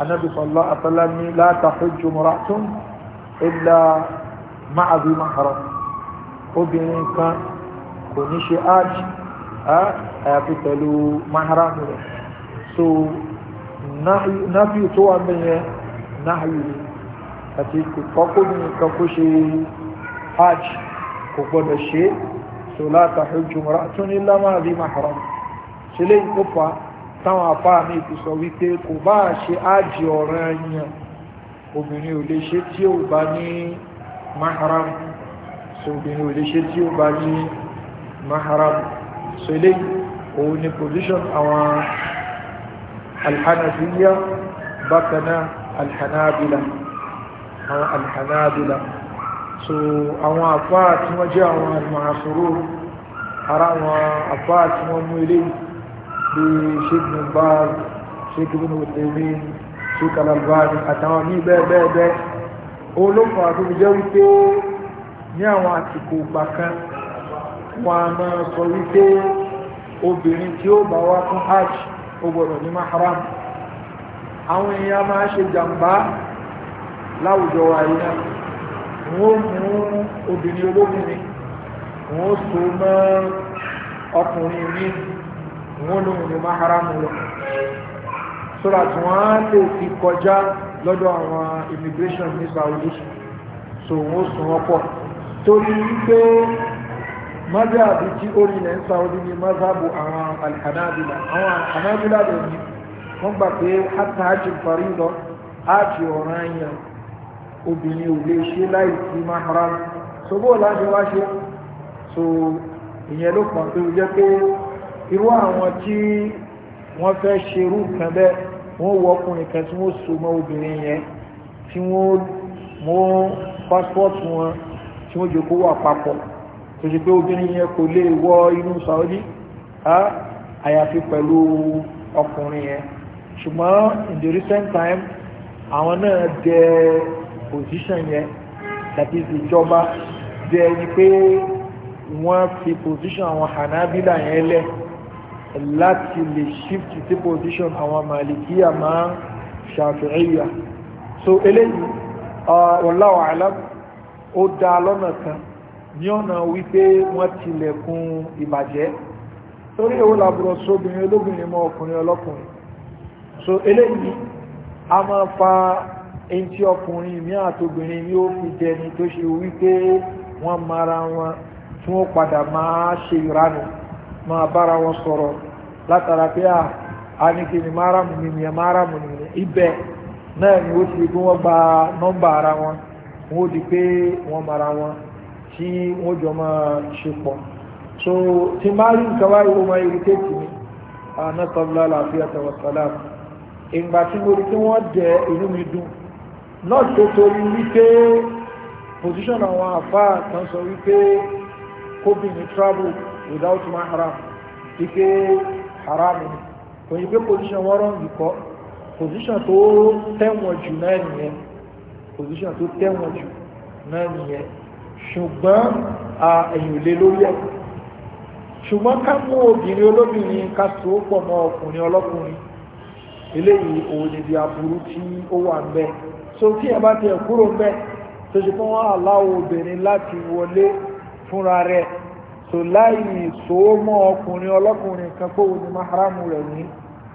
anabi sallallahu alaihi wasallam ní la tahujju imra'atun illa ma'a dhi mahram obìnrin kan kò ní ṣe hajj àyàfi pẹ̀lú mahram rẹ̀ so náà fi tó wà mẹ́yẹn náà yìí àti ìkọkùnrin kan kó ṣe hajj kò gbọdọ̀ ṣe so látàrí jùmọ̀rá tún ní lámà rí mahram ṣe lè kó fa táwọn afá mi ti sọ wípé kò bá ṣe hajj ọ̀ràn yẹn obìnrin ò lè ṣe tí ó bá ní mahram so obìnrin ò lè ṣe tí ó bá ní mahram so lè òun ni position àwọn alhanafiya bákanáà alhanabila àwọn alhanabila so àwọn àfá tí wọ́n jẹ́ àwọn alìmọ̀ràṣòro ara àwọn àfá tí wọ́n mú ilé bí ṣégun bá ṣégun òtèmí ṣégun albani àtàwọn ní bẹ́ẹ̀ bẹ́ẹ̀ bẹ́ẹ̀ olófà tó fi jẹ́ wípé ní àwọn àtìkò ìgbà wọn a máa sọ wípé obìnrin tí ó bá wá fún hajj ó gbọ́dọ̀ ní mahram àwọn èèyàn máa ṣe jàǹbá láwùjọ àyíká wọ́n mú obìnrin olóbìnrin wọ́n so mọ́ ọkùnrin ní wọ́n lóhun ní maharamu lọ sọ́ra tí wọ́n lè fi kọjá lọ́dọ̀ àwọn immigration ní Saudi so wọ́n sùn wọ́n pọ̀ torí wípé mazhabi tí ó rinlẹ̀ ń Saudi ní mazhabu àwọn alhanabila àwọn alhanabila lè ní wọ́n gbà pé hátà hajj parí lọ hajj ọ̀ràn yẹn obìnrin ò lè ṣe láì sí mahram so bó láti wá ṣe so ìyẹn ló pọ̀ tó jẹ́ pé irú àwọn tí wọ́n fẹ́ ṣerú nǹkan bẹ́ẹ̀ wọ́n wọ ọkùnrin kan tí wọ́n so mọ́ obìnrin yẹn tí wọ́n mú pásítọ̀tù wọn tí wọ́n jẹ́ kó wà papọ̀ tó ṣe pé obìnrin yẹn kò lè wọ inú Saudi àyàfi pẹ̀lú ọkùnrin yẹn ṣùgbọ́n in the recent time àwọn náà jẹ́ position yẹn that is ìjọba bí ẹni pé wọ́n fi position àwọn hanabila yẹn lẹ̀ láti lè shift sí position àwọn malikiya máa ṣàfihàn so eléyìí wallahu alam ó dá lọ́nà kan ní ọ̀nà wípé wọ́n tilẹ̀kùn ìbàjẹ́ torí èwo làbúrọ̀ sóbìnrin olóbìnrin mọ́ ọkùnrin ọlọ́kùnrin so eléyìí a máa fa èyí tí ọkùnrin mi àtòbìnrin mi ó fi jẹni tó ṣe wípé wọ́n mara wọn tí wọ́n padà máa ṣe ìranù máa bára wọn sọ̀rọ̀ látara pé à á ní kí ni máràmù ni mi máràmù ni mi ibẹ̀ náà ni ó ti di pé wọ́n gba nọ́mbà ara wọn wọ́n di pé wọ́n mara wọn tí wọ́n jọ máa ṣe pọ̀ so tí máa rí nǹkan wáyé ó máa irritate mi àná sọ́bùlá làáfíà tẹ̀wọ̀sálàmù ìgbà tí mo rí kí wọ́n jẹ inú mi dùn not tó torí wípé position àwọn àfáà kan sọ wípé kóbìnrin travel without mahram wípé haram ni kò ní pé position wọ́n rán ìkọ́ position tó tẹ̀wọ̀n jù náà nìyẹn position tó tẹ̀wọ̀n jù náà nìyẹn ṣùgbọ́n ẹ̀yìn ò lé lórí ẹ̀ ṣùgbọ́n ká mú obìnrin olóbìnrin ká so pọ̀ mọ́ ọkùnrin ọlọ́kùnrin eléyìí òun ni bí aburú tí ó wà ń bẹ́ẹ̀ so tí ẹ bá tiẹ̀ kúrò mẹ́ tó ṣe fún wọn aláwọ̀ obìnrin láti wọlé fúnra rẹ̀ so láì sòó mọ́ ọkùnrin ọlọ́kùnrin kan pé òun ni maharamu rẹ̀ ní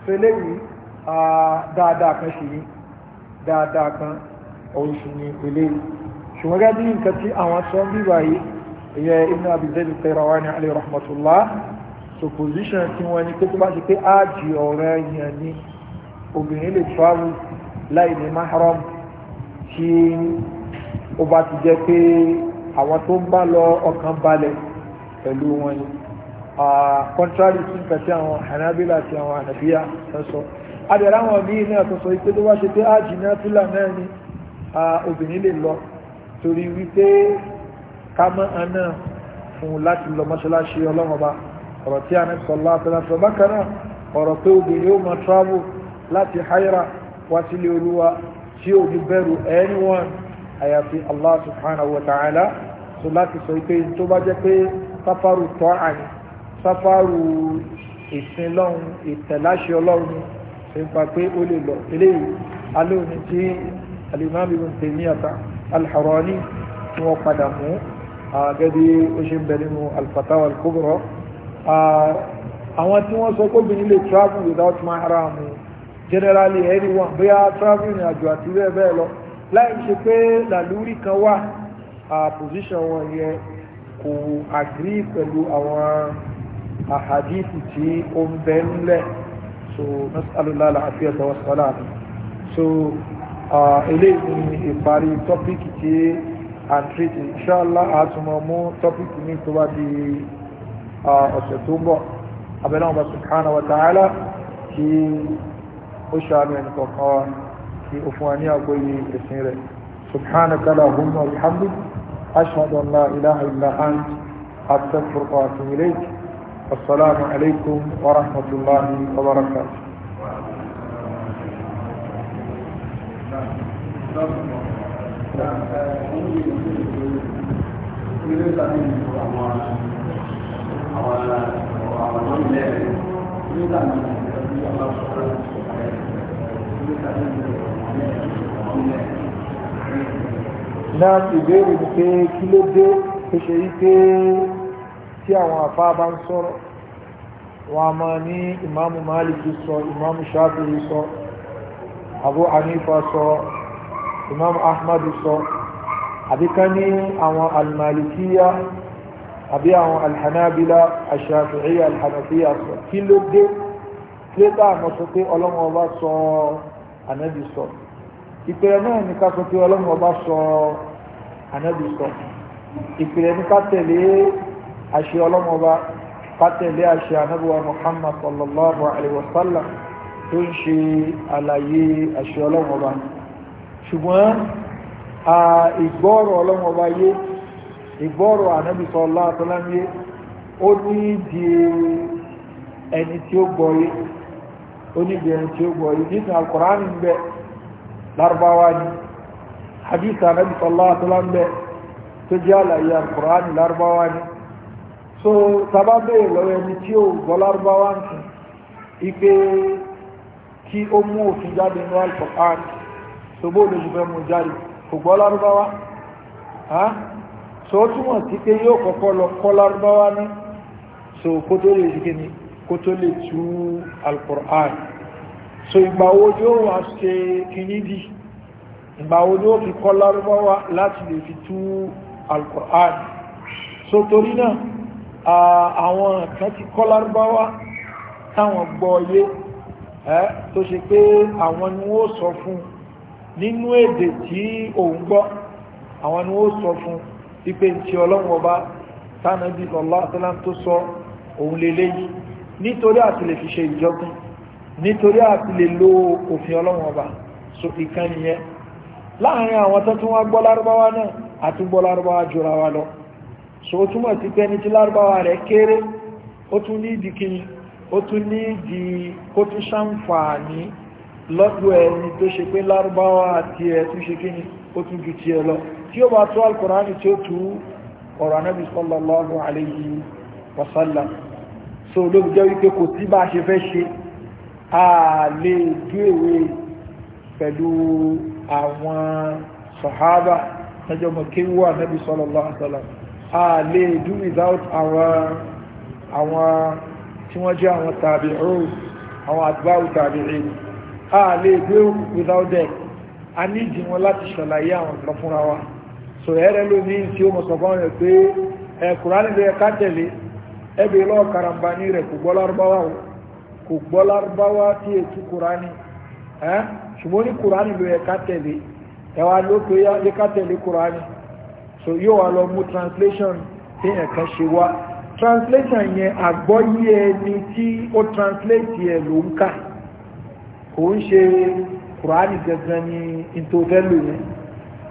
fẹlẹ́ yìí dáadáa kan ṣì ní dáadáa kan òun ṣì ní eléyìí ṣùgbọ́n gẹ́gẹ́ bí nǹkan tí àwọn sọ ń bíbá yìí ìyẹn ibn abi zayd al-qayrawani alayhi rahmatullah so position tí wọ́n ní pé tó bá ṣe pé áàjì ọ̀rẹ́ yẹn ni obìnrin lè travel láì ní maharamu tí ó bá ti jẹ́ pé àwọn tó ń bá lọ ọkàn balẹ̀ pẹ̀lú wọn ni contrary sí nǹkan tí àwọn hanabila àti àwọn hanabiya ń sọ adẹ̀rẹ̀ àwọn míì náà tó sọ pé tó wá ṣe pé ájì náà fúlà náà ni obìnrin lè lọ torí wípé ká mọ́ àná fún un láti lọ mọ́ṣáláṣí ọlọ́mọba ọ̀rọ̀ tí a ní sọ̀lá àtàlàfẹ́ bákan náà ọ̀rọ̀ pé obìnrin yóò máa travel láti haira wá sílé olúwa tí ò ní bẹ̀rù anyone àyàfi allah subhanahu wa ta'ala so láti sọ pé tó bá jẹ́ pé sáfàrù tọ́ àní sáfàrù ìsìn lọ́hùn ìtẹ̀láṣẹ ọlọ́run nípa pé ó lè lọ eléyìí alóòní tí alimami ibn taymiyata alharani tí wọ́n padà mú gẹ́gẹ́ ó ṣe ń bẹ nínú alfatawa alkubra àwọn tí wọ́n sọ kóbìnrin lè travel without mahram generally anyone bóyá traveling àjò àti bẹ́ẹ̀ bẹ́ẹ̀ lọ láì ṣe pé làlúrí kan wà position wọn yẹn kò agree pẹ̀lú àwọn àhàdìsì tí ó ń bẹ ńlẹ̀ so nasalula àlàáfíà tọwọ́ sọ́lá mi so eléyìí ni ìparí tọ́píkì tí à ń tírètì inṣáàlá àtúmọ̀ mú tọ́píkì ní tó bá di ọ̀sẹ̀ tó ń bọ̀ abẹ́lẹ́ wọn bá subhanahu wa ta'ala kí ó ṣàánú ẹni kọ̀ọ̀kan wa kí ó fún wa ní àgbóyé ẹ̀sìn rẹ̀ subhanaka allahumma wa bihamdika ashhadu an la ilaha illa anta astaghfiruka wa atubu ilayk assalamu alaykum wa rahmatullahi wa barakatuh Thank you náà ti béèrè ní pé kí ló dé tó ṣe yí pé tí àwọn àfáà bá ń sọ̀rọ̀ wọn a máa ní ìmáàmù Málìkì sọ ìmáàmù Ṣáfi'í sọ Abu Hanifa sọ ìmáàmù Ahmadu sọ àbí ní àwọn almalikiya àbí àwọn alhanabila aṣàfi'í alhanafiya sọ kí ló dé kílódé àmọ́ sọ pé ọlọ́run ọba sọ ànábì sọ ìpìlẹ̀ náà ní ká sọ pé ọlọ́run ọba sọ ànábì sọ ìpìlẹ̀ ní ká tẹ̀lé àṣẹ ọlọ́run ọba ká tẹ̀lé àṣẹ ànábì wa Muhammad sallallahu alayhi wa sallam tó ń ṣe àlàyé àṣẹ ọlọ́run ọba ṣùgbọ́n ìgbọ́rọ̀ ọlọ́run ọba yé ìgbọ́rọ̀ ànábì sallallahu alayhi wa yé ó ní di ẹni tí ó gbọ́ yé oníbìnrin tí ó gbọ́ yìí nígbà alkùránì ń bẹ lárúbáwá ni hadith anabi sallallahu alaihi wasallam ń bẹ tó jẹ́ àlàyé alkùránì lárúbáwá ni so sábà bẹ́ẹ̀ lọ́wọ́ ẹni tí ó gbọ́ lárúbáwá ń sìn ipe kí ó mú òfin jáde ní alkùránì tó bó lójú fẹ́ mú jáde kò gbọ́ lárúbáwá so ó túmọ̀ sí pé yóò kọ́kọ́ lọ kọ́ lárúbáwá ní so kó tó lè ṣe ni kó tó lè tú alkùrán so ìgbàwó yóò wá ṣe kìnídì ìgbàwó yóò fi kọ́ lárúbáwá láti lè fi tú alkùrán so torí náà àwọn kan ti kọ́ lárúbáwá táwọn gbọ́ yé tó ṣe pé àwọn ni wọ́n sọ fún nínú èdè tí òun gbọ́ àwọn ni wọ́n sọ fún ipe ìtì ọlọ́wọ́ bá tánàbí lọ́lá àtàlá sọ òun lélẹ́yìí nítorí àti lè fi ṣe ìjọgún nítorí àti lè lo òfin ọlọ́run ọba so ìkan nìyẹn láàrin àwọn tó tún wá gbọ́ lárúbáwá náà àti gbọ́ lárúbáwá jura wa lọ so ó túmọ̀ sí pé ní tí lárúbáwá rẹ̀ kéré ó tún ní ìdí kíni ó tún ní ìdí kó tún ṣàǹfààní lọ́dọ̀ ẹni tó ṣe pé lárúbáwá àti ẹ̀ tún ṣe kíni ó tún ju tiẹ̀ lọ tí ó bá tó alukọ̀rọ̀ tí ó tú ọ̀rọ̀ anábì sallallahu alayhi wa so ló fi jẹ́ wípé kò sí bá ṣe fẹ́ ṣe a lè jú èwe pẹ̀lú àwọn sọ̀hábà lọ́jọ́ mọ̀ kí wà nẹ́bí sallallahu alaihi wasallam a lè jú without àwọn tí wọ́n jẹ́ àwọn tabi'un àwọn atba'u tabi'in a lè jú without them a ní ìdí wọn láti ṣàlàyé àwọn ọ̀pọ̀ fúnra wa so ẹ̀rẹ́ lómi tí ó mọ̀ sọ̀kọ́ rẹ̀ pé ẹ̀kùránì lè ká tẹ̀lé ẹbí lọ́wọ́ karambani rẹ̀ kò gbọ́ lárúbáwá o kò gbọ́ lárúbáwá tí ètú kurani ẹ́ ṣùgbọ́n ní kurani ló yẹ ká tẹ̀lé ẹ̀wà ló pé yẹ ká tẹ̀lé kurani so yóò wá lọ mú translation tí yẹn e kan ṣe wá translation yẹn agbo ẹni tí ó translate yẹn ló ń kà kò ń ṣe kurani gẹ́gẹ́ ní intotẹ́lù yẹn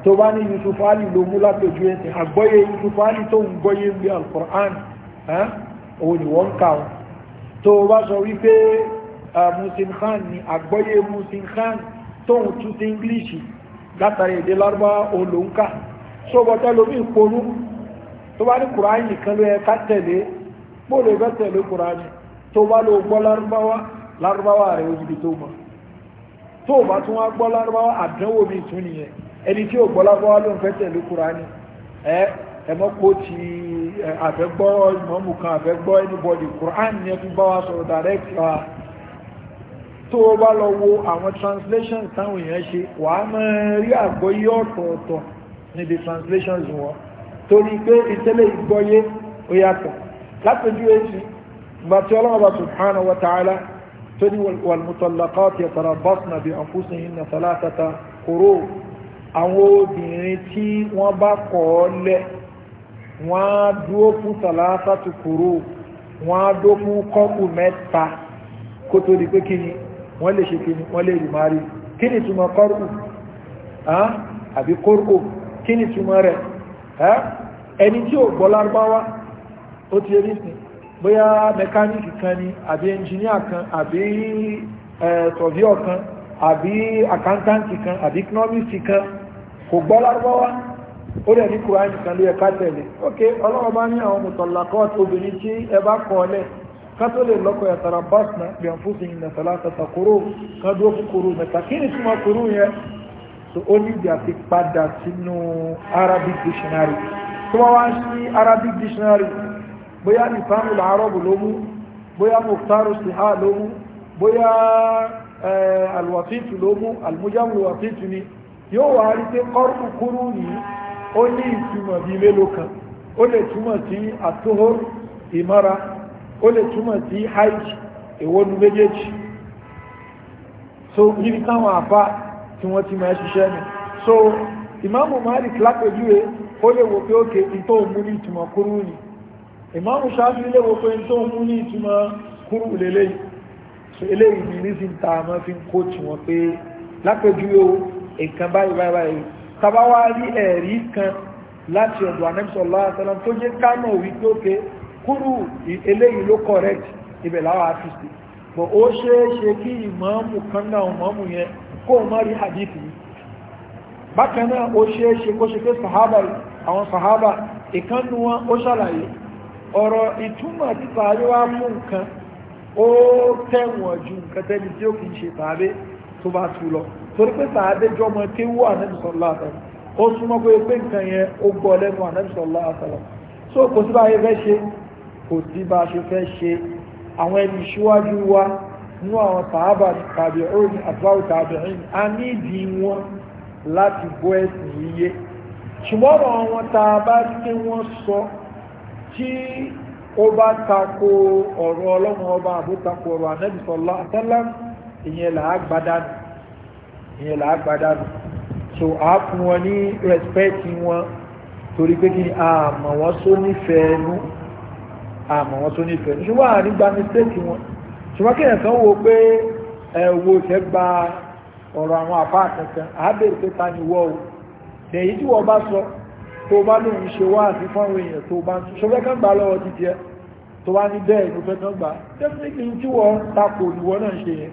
tó bá ní yusuf ali ló mú látòjú ẹsẹ̀ àgbọ́yé yusuf ali tó ń gbọ́yé bí alukur'an ẹ́ eh? òun ni wọ́n ń kà tó o bá sọ wípé musin khan ni àgbọ́yé musin khan tóun tún sí english látàrí èdè lárúbá òun ló ń kà so bọ́tẹ́ ìponú tó bá ní kùránì nìkan ló yẹ ká tẹ̀lé bóòlù ẹgbẹ́ tẹ̀lé kùránì tó bá lọ gbọ́ lárúbáwá lárúbáwá rẹ̀ ó ibi tó mọ. tó bá tún wá gbọ́ lárúbáwá àdánwò mi tún nìyẹn ẹni tí ò gbọ́ lárúbáwá ló ń fẹ́ tẹ̀lé kùránì ẹmọ́ kó ti àfẹ́gbọ́ ìmọ̀mù kan àfẹ́gbọ́ anybody Quran ni ẹ bá wa sọ̀rọ̀ direct wa tó o bá lọ wo àwọn translations táwọn èèyàn ṣe wàá máa rí àgbọ́yé ọ̀tọ̀ọ̀tọ̀ níbi translations wọn torí pé ìtẹ́lẹ̀ ìgbọ́yé ó yàtọ̀ látọjú èsì ìgbà tí ọlọ́run bá subhanahu wa ta'ala tó ní wàlmùtọ̀lákàtì yatarabbasna bi anfusihinna thalathata quru àwọn obìnrin tí wọ́n bá kọ̀ ọ́ lẹ́ wọ́n á dúró fún sàlásà tó kúrò wọ́n á dó fún kọ́pù mẹ́ta kó tó di pé kí ni wọ́n lè ṣe kí ni wọ́n lè rí máa rí kí ni túmọ̀ kọ́rù àbí kórkò kí ni túmọ̀ rẹ̀ ẹni tí ò gbọ́ lárúbáwá ó ti rí sí bóyá mẹkáníkì kan ni àbí ẹnjìníà kan àbí sọ̀víọ̀ kan àbí àkántáǹtì kan àbí economics kan kò gbọ́ lárúbáwá ó dẹ̀ ní kùrán nìkan ló yẹ ká tẹ̀lé ok ọlọ́wọ́ bá ní àwọn mùtọ̀lákọ́ obìnrin tí ẹ bá kọ́ ọ lẹ̀ ká tó lè lọ́kọ̀ yàtọ̀ ra bọ́sùnà bí wọ́n fún sí ìyìnà sàlátà sàkóró ká dúró fún kúrú mẹ́ta kí ni túmọ̀ kúrú yẹn so ó ní ìdí àti padà sínú arabic dictionary tó wá wá sí arabic dictionary bóyá ìfàmù làárọ̀bù ló mú bóyá muftaru siha ló mú bóyá alwàfíìtù ló almujamu alwàfíìtù ni yóò wá rí pé kọ́rùkú nìyí ó ní ìtumọ̀ bí mélòó kan ó lè túmọ̀ sí àtúhór ìmọ́ra ó lè túmọ̀ sí hajj ìwọ́nu méjèèjì so níbi táwọn àbá tí wọ́n ti máa ṣiṣẹ́ ni so ìmáàmù Malik lápẹjúwe ó lè wò pé ókè ìtò òmú ní ìtumọ̀ kúrú ni ìmáàmù Ṣáfi lè wò pé ìtò òmú ní ìtumọ̀ kúrú lélẹ́yìn so eléyìí ni reason tá a máa fi ń kó tí pé lápẹjúwe o nǹkan báyìí báyìí tàbá wá rí ẹ̀rí kan láti ọ̀dọ̀ anẹ́bísọ̀lá àtàlám tó jẹ́ kánà wípé ókè kúrú eléyìí ló correct ibẹ̀ láwọn àfisì bọ̀ ó ṣeéṣe kí ìmọ̀ọ́mù kan náà mọ̀ọ́mù yẹn kó mọ́ rí hadith yìí bákan náà ó ṣeéṣe kó ṣe pé sàhábà àwọn sàhábà tó torí pé sàádé jọmọ kí wú ànábì sọlá àtàlà ó súnmọ́ pé pé nǹkan yẹn ó gbọ́ lẹ́nu ànábì sọlá àtàlà so kò sí bá a ṣe fẹ́ ṣe kò sí bá a ṣe fẹ́ ṣe àwọn ẹni ìṣíwájú wa nínú àwọn sàábà tàbí òrìn àtúbáwò tàbí òrìn a ní ìdí wọn láti bó ẹ̀sìn yíyé ṣùgbọ́n ọ̀rọ̀ tá a bá ní wọ́n sọ tí ó bá tako ọ̀rọ̀ ọlọ́run ọba àbótakò ọ̀rọ̀ ànábì àtàlà ìyẹn là á gbádàá ìyẹn là á so a fún wọn ní rẹ́spẹ́tì wọn torí pé kí ni àmọ̀ wọn só nífẹ̀ẹ́ nú àmọ̀ wọn só nífẹ̀ẹ́ nú ṣùgbọ́n àní gba mistake wọn ṣùgbọ́n kéèyàn kan wo pé ẹ wo ìfẹ́ gba ọ̀rọ̀ àwọn àfa àtẹ̀kẹ́ àábẹ̀rẹ̀ pé ta ni wọ́ o tẹ̀yí tí wọ́n bá sọ tó bá lóun ṣe wá àti fáwọn èèyàn tó bá ń tún ṣọfẹ́ kan gbà lọ́wọ́ ti jẹ́ tó wá ní bẹ́ẹ̀ ló fẹ́ kan gbà definitely tí wọ́n takò ìwọ náà ṣe yẹn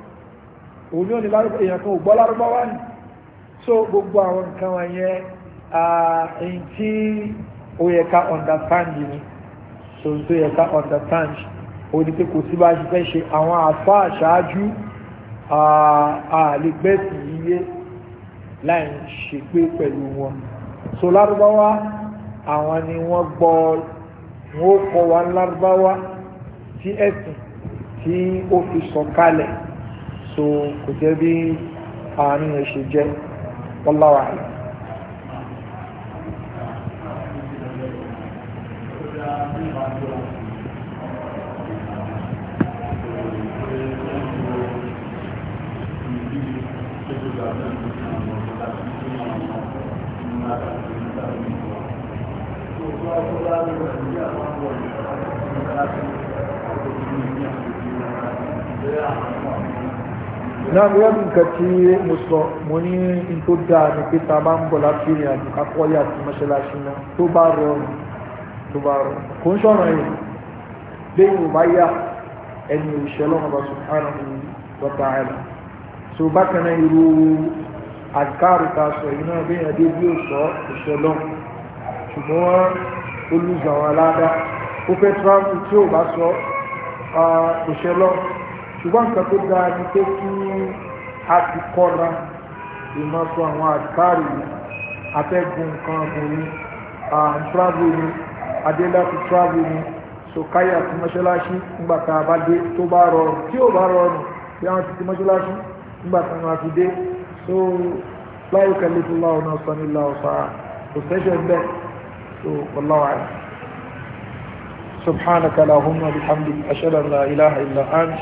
òun ní èèyàn kan ò gbọ́ lárúbáwá ni so gbogbo àwọn nǹkan wọn yẹn èyí tí ó yẹ ká understand ni so tó yẹ ká understand òun pé kò sí bá a ṣe fẹ́ ṣe àwọn àfa àṣáájú àlègbèsì yíyé láì ṣe pé pẹ̀lú wọn so lárúbáwá àwọn ni wọ́n gbọ́ wọn ó kọ́ wa lárúbáwá tí ẹ̀sìn tí ó fi sọ̀kalẹ̀. So, so kò jẹ́ bí àárín rẹ̀ ṣe jẹ́ wallahu a'lam. Thank you náà ní wọ́n ní nǹkan tí mo sọ mo ní n tó dáa ní pé ta bá ń bọ̀ láti ìrìn àjò akọ́yà àti mọ́ṣáláṣí náà tó bá rọrùn tó bá rọrùn kò ń ṣọ̀rọ̀ yìí lẹ́yìn ò bá yá ẹni òṣìṣẹ́ lọ́wọ́ bá subhanahu wa ta'ala so bákan náà irú àkàrù ta sọ yìí náà bí ẹ̀dẹ́ bí ó sọ òṣìṣẹ́ lọ́wọ́ ṣùgbọ́n olùzàwọn aládá ó fẹ́ tí ò bá ṣùgbọ́n nǹkan tó dáa ni pé kí a ti kọ́ra ìmọ̀tò àwọn àkárì atẹ́gùn nǹkan ọ̀gùn ni àǹtíráàbù ni adélàtú tíráàbù ni sòkáyà ti mọ́ṣáláṣí nígbà tá a bá dé tó bá rọrùn tí ò bá rọrùn bí àwọn ti ti mọ́ṣáláṣí nígbà tá a ti dé so láyé kẹlẹ́ tó láwọn náà sọ nílá ọ̀sà kò ń bẹ̀ so wallahu a'lam. سبحانك اللهم وبحمدك أشهد أن لا إله إلا أنت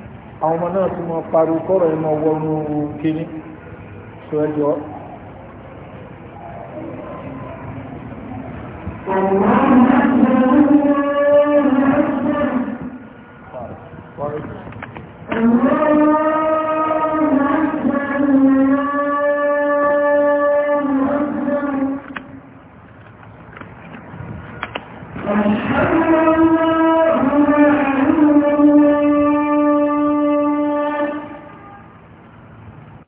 àwọn ọmọ náà tí wọ́n parí kọ́rọ̀ ẹmọ wọnú kíní tó ẹjọ́ Thank you.